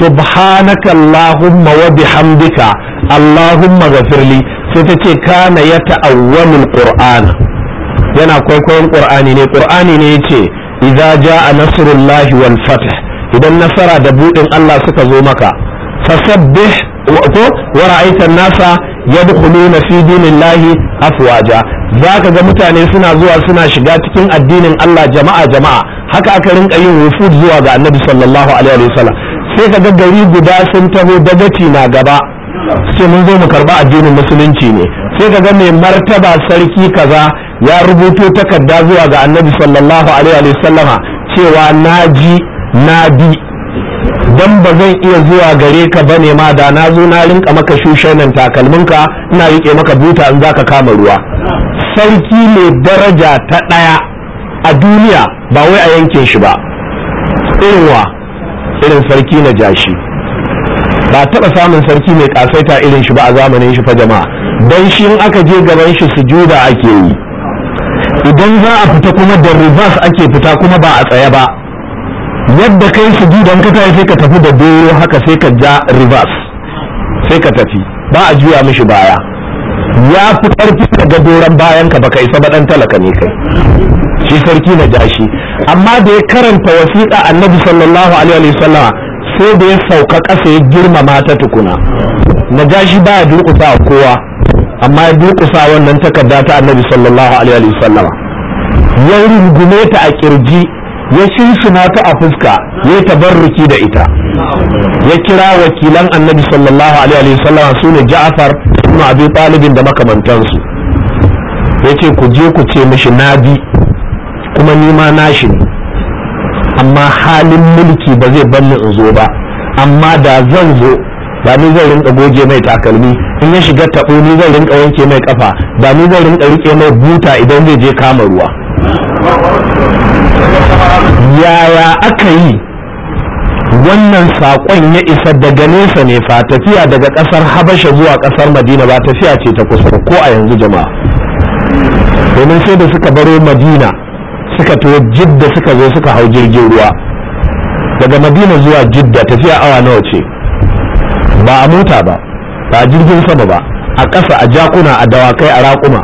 subhanaka allahumma wa bihamdika allahumma ghafirli sai ta ce kana ya ta'awwalul qur'ana yana kwaikwayon qur'ani ne qur'ani ne yace idza a nasrullahi wal fath idan nasara da budin Allah suka zo maka fasabbih wa ra'aita an-nasa yadkhuluna fi dinillahi aswaja. za ka ga mutane suna zuwa suna shiga cikin addinin Allah jama'a jama'a haka aka rinka yin wufud zuwa ga annabi sallallahu alaihi wa sallam, sai ka ga gari guda sun taho dagaci na gaba sai mun zo mu karba addinin musulunci ne sai ka ga mai martaba sarki kaza ya rubuto takarda zuwa ga annabi sallallahu alaihi wa sallama cewa naji na bi dan ba zan iya zuwa gare ka bane ma da na zo na rinka maka shushenan takalminka ina rike maka buta in zaka kama ruwa sarki mai daraja ta ɗaya a duniya ba wai a yankin shi ba irinwa irin sarki na jashi ba taɓa samun sarki mai ƙasaita irin shi ba a zamanin shi fa jama'a don shi in aka je gaban shi sujuda ake yi idan za a fita kuma da reverse ake fita kuma ba a tsaye ba yadda kai sujudan ka tafi sai ka tafi da doro haka sai ka ja reverse sai ka tafi ba a juya mishi baya ya fi sarki daga doron bayan ka baka isa baɗan talaka ne kai shi sarki na jashi amma da ya karanta wasiƙa annabi sallallahu alaihi wa sallam sai da ya sauka ƙasa ya girmama ta tukuna na jashi baya durƙusa kowa amma ya durƙusa wannan takarda ta annabi sallallahu alaihi wa sallam ya rungume ta a kirji ya shinsuna ta a fuska ya tabarruki da ita ya kira wakilan annabi sallallahu alaihi sallam, su ne ja'far ibn abi talibin da makamantansu ya ce ku je ku ce mishi na bi kuma nima nashi ne amma halin mulki ba zai ni in zo ba amma da zan zo ba ni zan rinka goge mai takalmi in ya shiga tabo ni zan rinka wanke mai kafa ba ni zan rinka rike mai buta idan zai je kama ruwa yaya aka yi wannan saƙon ya isa daga nesa ne fa tafiya daga ƙasar habasha zuwa ƙasar madina ba tafiya ce ta kusa ko a yanzu jama'a domin sai da suka baro madina suka tawo jidda suka zo suka hau jirgin ruwa daga madina zuwa jidda tafiya awa nawa ce ba a mota ba ba a jirgin sama ba a ƙasa a jakuna a dawakai a raƙuma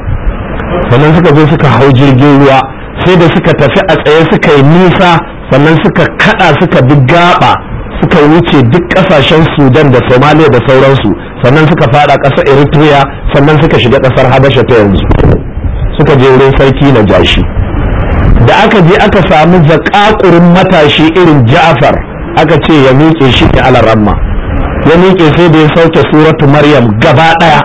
sannan suka zo suka hau jirgin ruwa sai da suka tafi a tsaye suka yi nisa sannan suka kada suka bi gaba suka wuce duk kasashen sudan da somalia da sauransu sannan suka fada ƙasar eritrea sannan suka shiga ƙasar habasha ta yanzu suka je wurin sarki na jashi da aka je aka sami zakakurin matashi irin ja'afar aka ce ya miƙe shi ta alaramma ya miƙe sai da ya sauke suratu maryam gaba ɗaya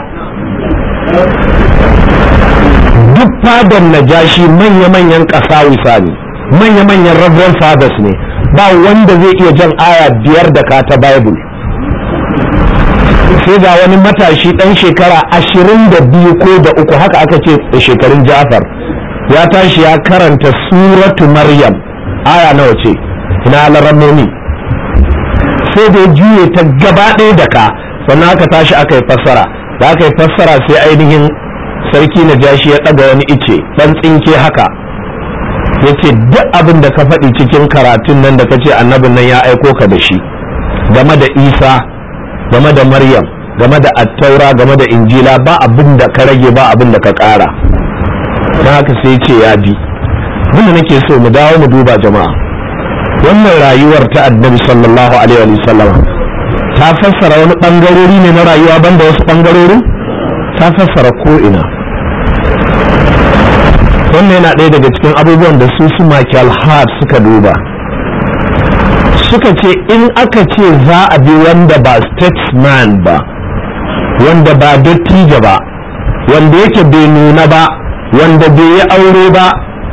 duk fadon jashi manya-manyan ƙasa wisa ne manya-manyan reverend fathers ne ba wanda zai iya jan aya biyar da ka ta bible sai ga wani matashi ɗan shekara ashirin da biyu ko da uku haka aka ce shekarun jafar ya tashi ya karanta suratu maryam aya nawa ce ina laramoni sai da juye ta gaba ɗaya da ka sannan aka tashi aka yi fassara da aka yi fassara sai ainihin sarki na jashi ya ɗaga wani ice ɗan tsinke haka yake duk abin da ka faɗi cikin karatun nan da ka ce annabin nan ya aiko ka da shi game da isa game da maryam game da attaura game da injila ba abin da ka rage ba abin da ka ƙara don haka sai ce ya bi wanda nake so mu dawo mu duba jama'a wannan rayuwar ta annabi sallallahu alaihi wa ta fassara wani bangarori ne na rayuwa banda wasu bangarorin ta fassara ko ina wannan yana ɗaya daga cikin abubuwan da su su Michael Hart suka duba suka ce in aka ce za a bi wanda ba statesman ba wanda ba dattijo ba wanda yake bai nuna ba wanda bai yi aure ba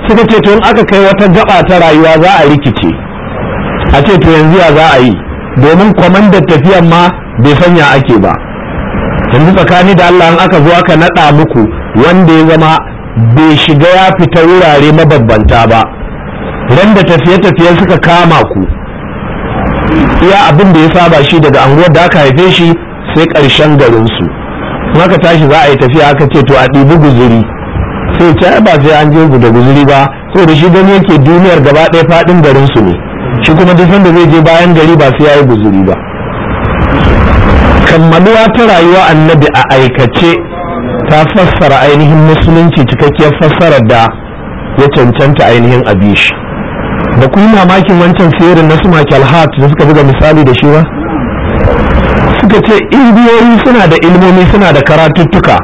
suka ce to in aka kai wata gaba ta rayuwa za a rikice a ce to yanzu ya za a yi domin kwamandar tafiyan ma bai sanya ake ba yanzu tsakani da Allah in aka zo aka naɗa muku wanda ya zama bai shiga ya fita wurare mababbanta ba ran da tafiye-tafiye suka kama ku iya abin da ya saba shi daga anguwar da aka haife shi sai ƙarshen garinsu aka tashi za a yi tafiya aka ce to a ɗibi guzuri sai ce ba sai an je da guzuri ba saboda shi gani yake duniyar gaba ɗaya faɗin garinsu ne shi kuma duk sanda zai je bayan gari ba sai ya yi guzuri ba kammaluwa ta rayuwa annabi a aikace ta fassara ainihin musulunci cikakkiyar fassarar da ya cancanta ainihin abishi ba ku yi mamakin wancan siyarin na su Michael Hart da suka buga misali da shi ba suka ce indiyoyi suna da ilmomi suna da karatuttuka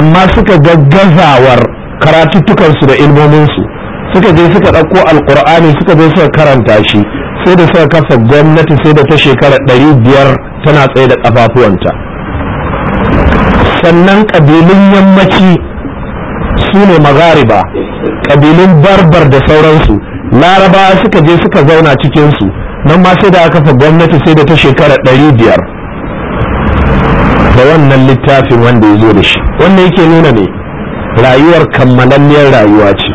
amma suka gaggazawar karatuttukansu da ilmominsu suka je suka ɗauko alkur'ani suka zo suka karanta shi sai da suka kafa gwamnati sai da ta shekara ɗari biyar tana tsaye da ƙafafuwanta sannan ƙabilun yammaci su ne magariba ƙabilun barbar da sauransu larabawa suka je suka zauna cikinsu nan ma sai da aka fa gwamnati sai da ta shekara ɗari biyar da wannan littafin wanda ya zo da shi wannan yake nuna ne rayuwar kammalanniyar rayuwa ce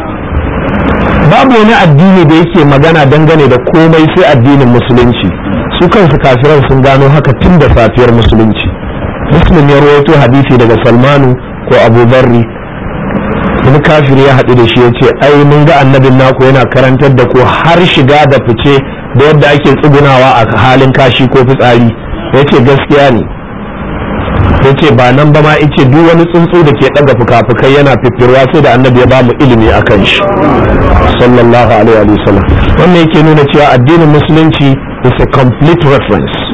babu wani addini da yake magana dangane da komai sai addinin musulunci su kansu kafiran sun gano haka tun da safiyar musulunci muslim ya rawaito hadisi daga salmanu ko abu barri wani kafiri ya haɗu da shi ya ce ai mun ga annabin naku yana karantar da ku har shiga da fice da yadda ake tsugunawa a halin kashi ko fitsari ya ce gaskiya ne ya ce ba nan ba ma ice duk wani tsuntsu da ke ɗaga fuka-fukai yana fiffirwa sai da annabi ya ba mu ilimi a kan shi sallallahu alaihi wa sallam wannan yake nuna cewa addinin musulunci is a complete reference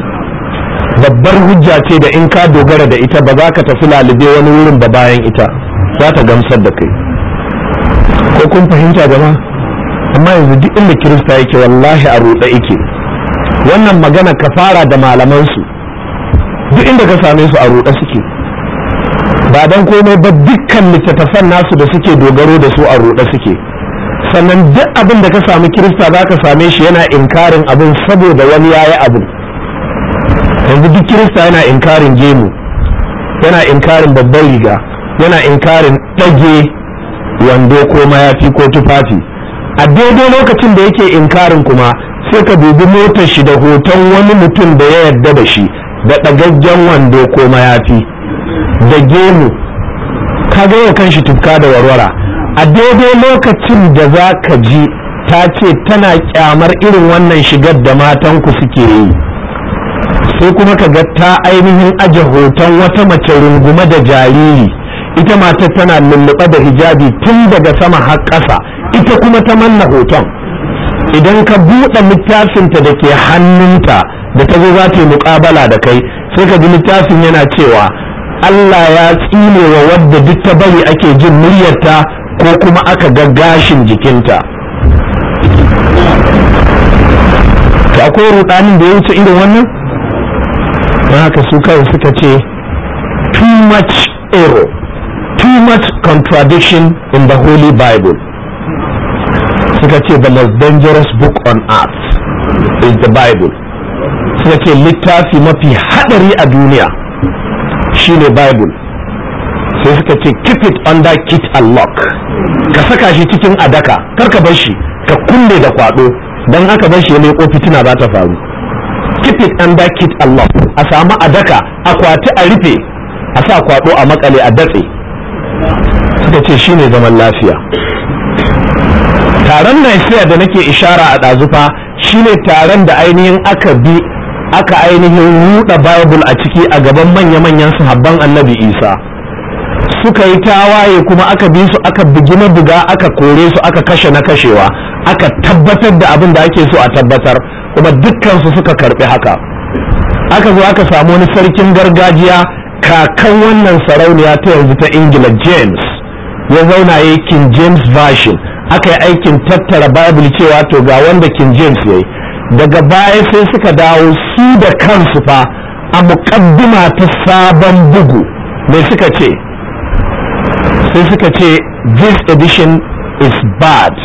babbar hujja ce da in ka dogara da ita ba za ka tafi lalube wani wurin ba bayan ita za ta gamsar da kai ko kun fahimta gama amma yanzu duk inda kirista yake wallahi a ruɗe yake wannan magana ka fara da malamansu duk inda ka same su a ruɗe suke ba don komai ba dukkan littattafan nasu da suke dogaro da su a ruɗe suke sannan duk abin da ka sami kirista za ka same shi yana inkarin abin saboda wani yayi abin yanzu duk kirista yana inkarin gemu yana inkarin babban riga yana inkarin ɗage wando ko mayafi ko tufafi a daidai lokacin da yake inkarin kuma sai ka dubi motar shi da hoton wani mutum da ya yarda da shi da ɗagaggen wando ko mayafi da gemu ka gaya kan shi tufka da warwara a daidai lokacin da za ka ji ta ce tana kyamar irin wannan shigar da matanku suke yi sai kuma ka ga ta ainihin aje hoton wata mace runguma da jariri ita matar tana lulluɓe da hijabi tun daga sama har ƙasa ita kuma ta manna hoton idan ka buɗe littafinta da ke hannunta da ta zo za ta yi muƙabala da kai sai ka ji littafin yana cewa Allah ya tsine wa wadda duk ta bari ake jin muryarta ko kuma aka ga gashin jikinta akwai rudanin da ya wuce irin wannan don haka su kawai suka ce too much error too much contradiction in the holy bible suka ce the most dangerous book on earth is the bible suka ce littafi mafi hadari a duniya shine bible sai suka ce keep it under kit and lock ka saka shi cikin adaka karka ka bar shi ka kulle da kwado don haka bar shi ya leko fitina za ta faru keep it under kit Allah a samu a daka akwati a rufe a sa kwado a makale a datse suka ce shine zaman lafiya taron Nigeria da nake ishara a ɗazufa shine taron da ainihin aka bi aka ainihin ruɗa Bible a ciki a gaban manya-manyan sahabban Annabi Isa suka yi tawaye kuma aka bi su aka bugi na buga aka kore su aka kashe na kashewa aka tabbatar da abin da ake so a tabbatar kuma dukkansu suka karbi haka aka zo aka samu wani sarkin gargajiya kakan wannan sarauniya ta yanzu ta ingila james ya zauna yi king james version aka yi aikin tattara bible cewa to ga wanda king james ya daga baya sai suka dawo su da kansu fa a muƙaddima ta sabon bugu mai suka ce sai suka ce this edition is bad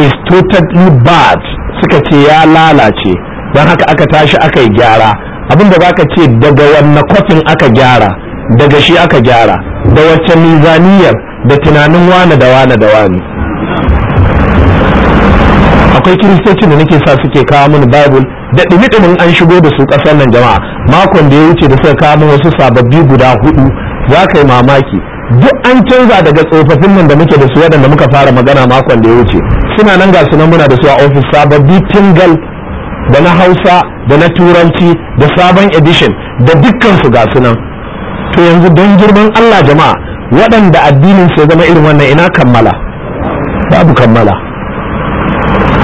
is totally bad suka ce ya lalace don haka aka tashi aka yi gyara abinda da ka ce daga wanne kwafin aka gyara daga shi aka gyara da wacce mizaniyar da tunanin wane da wane da wane akwai kiristoci da nake sa suke kawo mini bible da ɗumi an shigo da su ƙasar nan jama'a makon da ya wuce da suka kawo mini wasu sababbi guda hudu za ka yi mamaki duk an canza daga tsofaffin nan da muke da su waɗanda muka fara magana makon da ya wuce suna nan ga sunan muna da su a ofis sababbi tingal da na hausa da na turanci da sabon edition da dukkan su ga sunan to yanzu don girman allah jama'a waɗanda addinin su zama irin wannan ina kammala babu kammala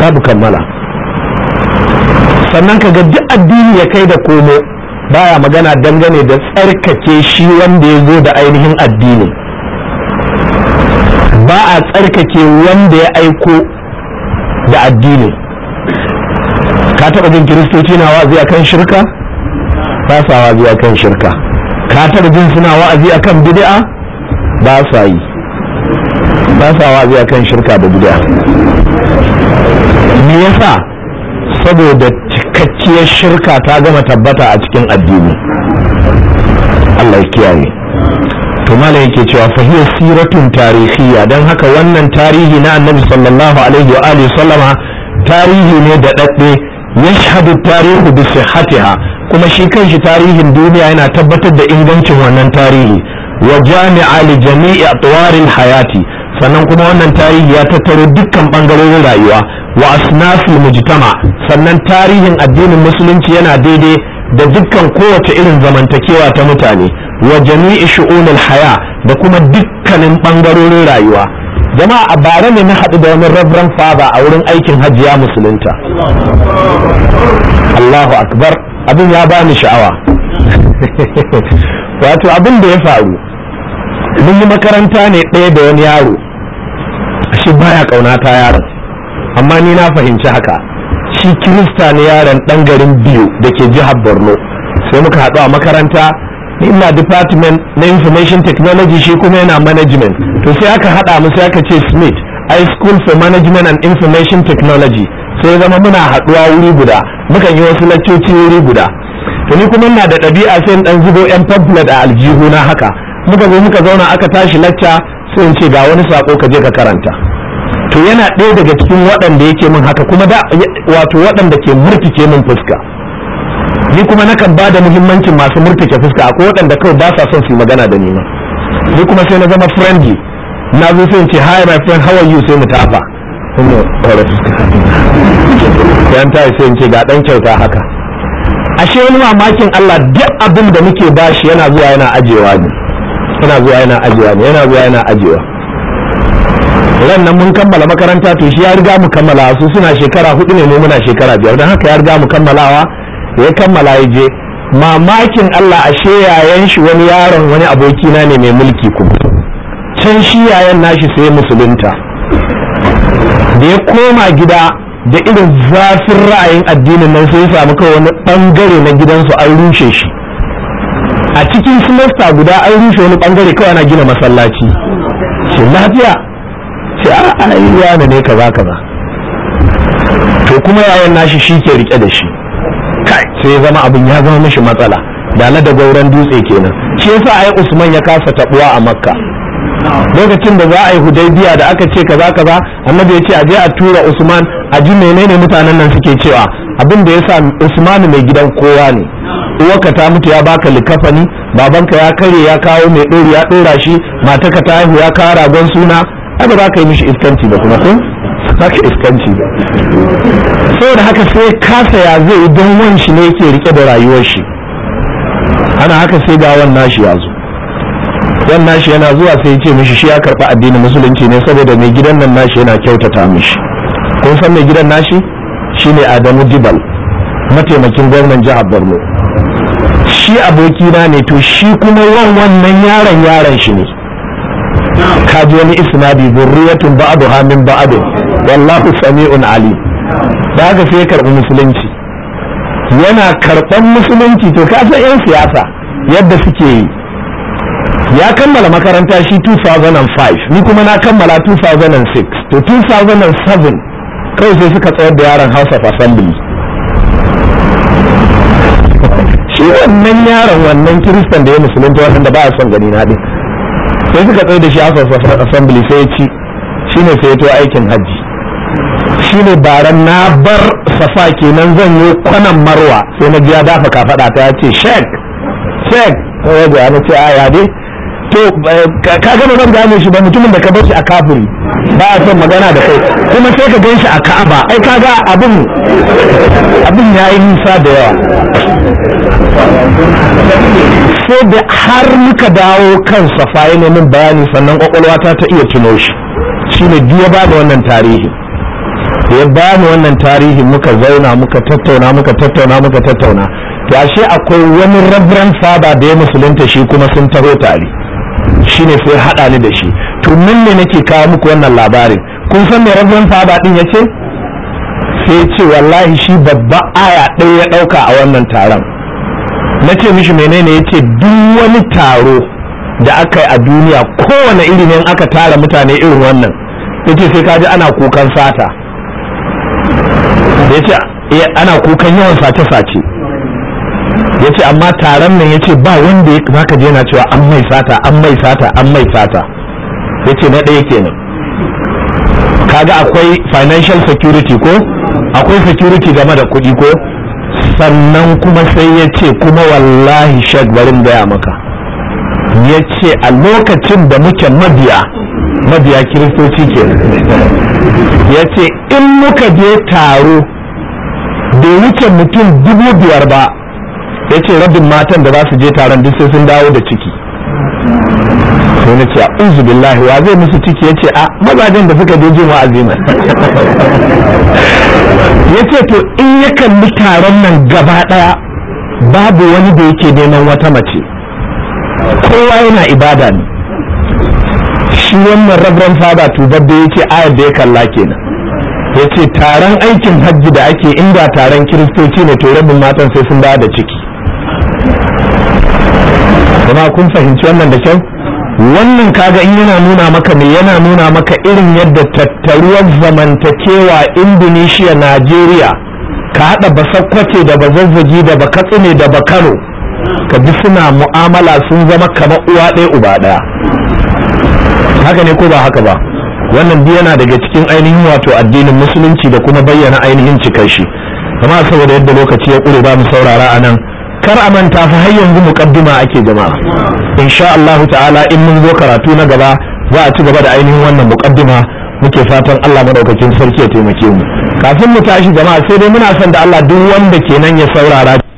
babu kammala sannan ka ga duk addini ya kai da komo baya magana dangane da tsarkake shi wanda ya zo da ainihin addini ba a tsarkake wanda ya aiko da addini ka taɓa jin kiristoci na wa'azi akan shirka ba sa wa'azi akan shirka ka taɓa jin suna wa'azi akan bid'a ba sa yi ba sa wa'azi akan shirka da bid'a me yasa saboda cikakkiyar shirka ta gama tabbata a cikin addini Allah ya kiyaye to mala yake cewa fa siratun tarihiyya dan haka wannan tarihi na annabi sallallahu alaihi wa alihi sallama tarihi ne da dadde yashhadu tarihu bi sihatiha kuma shi kanshi tarihin duniya yana tabbatar da ingancin wannan tarihi wa jami'a li jami'i hayati sannan kuma wannan tarihi ya tattaro dukkan bangarorin rayuwa wa asnafi mujtama sannan tarihin addinin musulunci yana daidai da dukkan kowace irin zamantakewa ta mutane wa jami'i shu'unil haya da kuma dukkanin bangarorin rayuwa jama'a a bare ne na haɗu da wani reverend father a wurin aikin hajiya musulunta Allahu akbar abin ya bani sha'awa wato abin da ya faru mun yi makaranta ne ɗaya da wani yaro ashe baya kauna ta yaron amma ni na fahimci haka shi kirista ne yaron dan garin biyu da ke jihar borno sai muka haɗu a makaranta ni ina department na information technology shi kuma yana management to sai aka haɗa mu sai aka ce smith I school for management and information technology sai zama muna haɗuwa wuri guda mukan yi wasu laccoci wuri guda to ni kuma ina da ɗabi'a sai dan zubo yan pamphlet a aljihu na haka muka zo muka zauna aka tashi lacca sai in ce ga wani sako ka je ka karanta to yana ɗaya daga cikin waɗanda yake min haka kuma da wato waɗanda ke murtike min fuska ni kuma nakan ba da muhimmancin masu murtike fuska akwai waɗanda kawai ba sa son su magana da ni ma ni kuma sai na zama friendly na zo sai in ce hi my friend how are you sai mu tafa kuma kawai fuska yan ta sai in ce ga dan kyauta haka ashe wani mamakin Allah duk abin da muke bashi yana zuwa yana ajewa ne yana zuwa yana ajiyewa ne yana zuwa yana ajiyewa ran nan mun kammala makaranta to shi ya riga mu kammala su suna shekara hudu ne mu muna shekara biyar don haka ya riga mu kammalawa ya kammala ya je mamakin Allah ashe yayan shi wani yaron wani abokina ne mai mulki kuma can shi yayan nashi sai musulunta da ya koma gida da irin zafin ra'ayin addinin nan sai ya samu kawai wani bangare na gidansu an rushe shi a cikin semester guda an rushe wani bangare kawai ana gina masallaci ce lafiya ce a ya ne kaza kaza to kuma yawon nashi shi ke rike da shi kai sai ya zama abin ya zama mashi matsala da na da gauran dutse kenan shi yasa ai Usman ya kasa tabuwa a Makka lokacin da za a yi hudaybiya da aka ce kaza kaza annabi ya ce a je a tura Usman a ji menene mutanen nan suke cewa abin da ya sa usmanu mai gidan kowa ne uwarka ta mutu ya baka likafani babanka ya kare ya kawo mai ɗori ya ɗora shi matarka ta haihu ya kawo ragon suna ai ba za ka yi mishi iskanci ba kuma sun za ka iskanci ba saboda haka sai kasa ya zai don wan ne yake rike da rayuwar shi ana haka sai ga wan nashi ya zo wan nashi yana zuwa sai ya ce mishi shi ya karɓi addinin musulunci ne saboda mai gidan nan nashi yana kyautata mishi kun san mai gidan nashi Shi ne adamu Dibal, mataimakin gwamnan jihar borno shi abokina ne to shi kuma wan wannan yaron yaron shi ne ka ji wani isnadi zurriyatun ba'adu hamin ba'adu wallahu sami'un ali da haka sai karɓi musulunci yana karɓan musulunci to ka san 'yan siyasa yadda suke yi ya kammala makaranta shi 2005 ni kuma na kammala 2006 to 2007 kai sai suka tsayar da yaron house of assembly shi wannan yaron wannan kiristan da ya musulunta wanda ba a son gani na ɗin sai suka tsayar da shi house of assembly sai ya ci shi ne sai to aikin hajji shi ne baran na bar safa kenan zan yi kwanan marwa sai na ji ya dafa kafaɗa ta ya ce shek shek sai ya ce a yade. to eh, ka gaba zan gane shi ba mutumin da ka bar shi a kafuri ba a son magana da kai kuma sai ka gan shi a ka'aba ai kaga abin abin ya yi nisa da yawa sai da har muka dawo kan safa ne min bayani sannan kwakwalwata ta iya tuno shi shine duk ya bada wannan tarihi ya bani wannan tarihi muka zauna muka tattauna muka tattauna muka tattauna shi akwai wani rabran saba da ya musulunta shi kuma sun taho tare shine sai haɗa ni da shi to nan ne nake kawo muku wannan labarin kun san me rabban saba din yace sai ce wallahi shi babba aya ɗaya ya ɗauka a wannan taron na ce mishi menene ya ce duk wani taro da aka yi a duniya kowane iri ne aka tara mutane irin wannan ya ce sai kaji ana kukan sata ya ce eh, ana kukan yawan sace-sace ya ce amma taron nan ya ce ba wanda ya zaka je yana cewa an mai sata an mai sata an mai sata ya ce na ɗaya kenan kaga akwai financial security ko akwai security game da kuɗi ko sannan kuma sai ya ce kuma wallahi shag barin gaya maka ya ce a lokacin da muke mabiya mabiya kiristoci ke ya ce in muka je taro bai wuce mutum dubu biyar ba ya ce rabin matan da za su je taron duk sai sun dawo da ciki sai na ce uzu billahi wa zai musu ciki ya ce a mazajen da suka je jin wa'azi ya ce to in ya kalli taron nan gaba ɗaya babu wani da yake neman wata mace kowa yana ibada ne shi wannan rabran fada tubar da ce ayar da ya kalla kenan ya ce taron aikin hajji da ake inda taron kiristoci ne to rabin matan sai sun dawo da ciki kuma kun fahimci wannan da kyau wannan kaga in yana nuna maka me yana nuna maka irin yadda tattaruwar zamantakewa indonesia nigeria ka haɗa basakwace da bazazzagi da bakatsine da bakano ka bi suna mu'amala sun zama kamar uwa ɗaya uba ɗaya haka ne ko ba haka ba wannan biyu yana daga cikin ainihin wato addinin musulunci da kuma bayyana ainihin cikar shi saboda yadda lokaci ya ƙure ba mu saurara a nan kar a manta fa har yanzu muqaddima ake jama'a insha Allah ta'ala in mun zo karatu na gaba za a ci gaba da ainihin wannan muqaddima muke fatan Allah madaukakin sarki ya taimake mu kafin mu tashi jama'a sai dai muna son da Allah duk wanda kenan ya saurara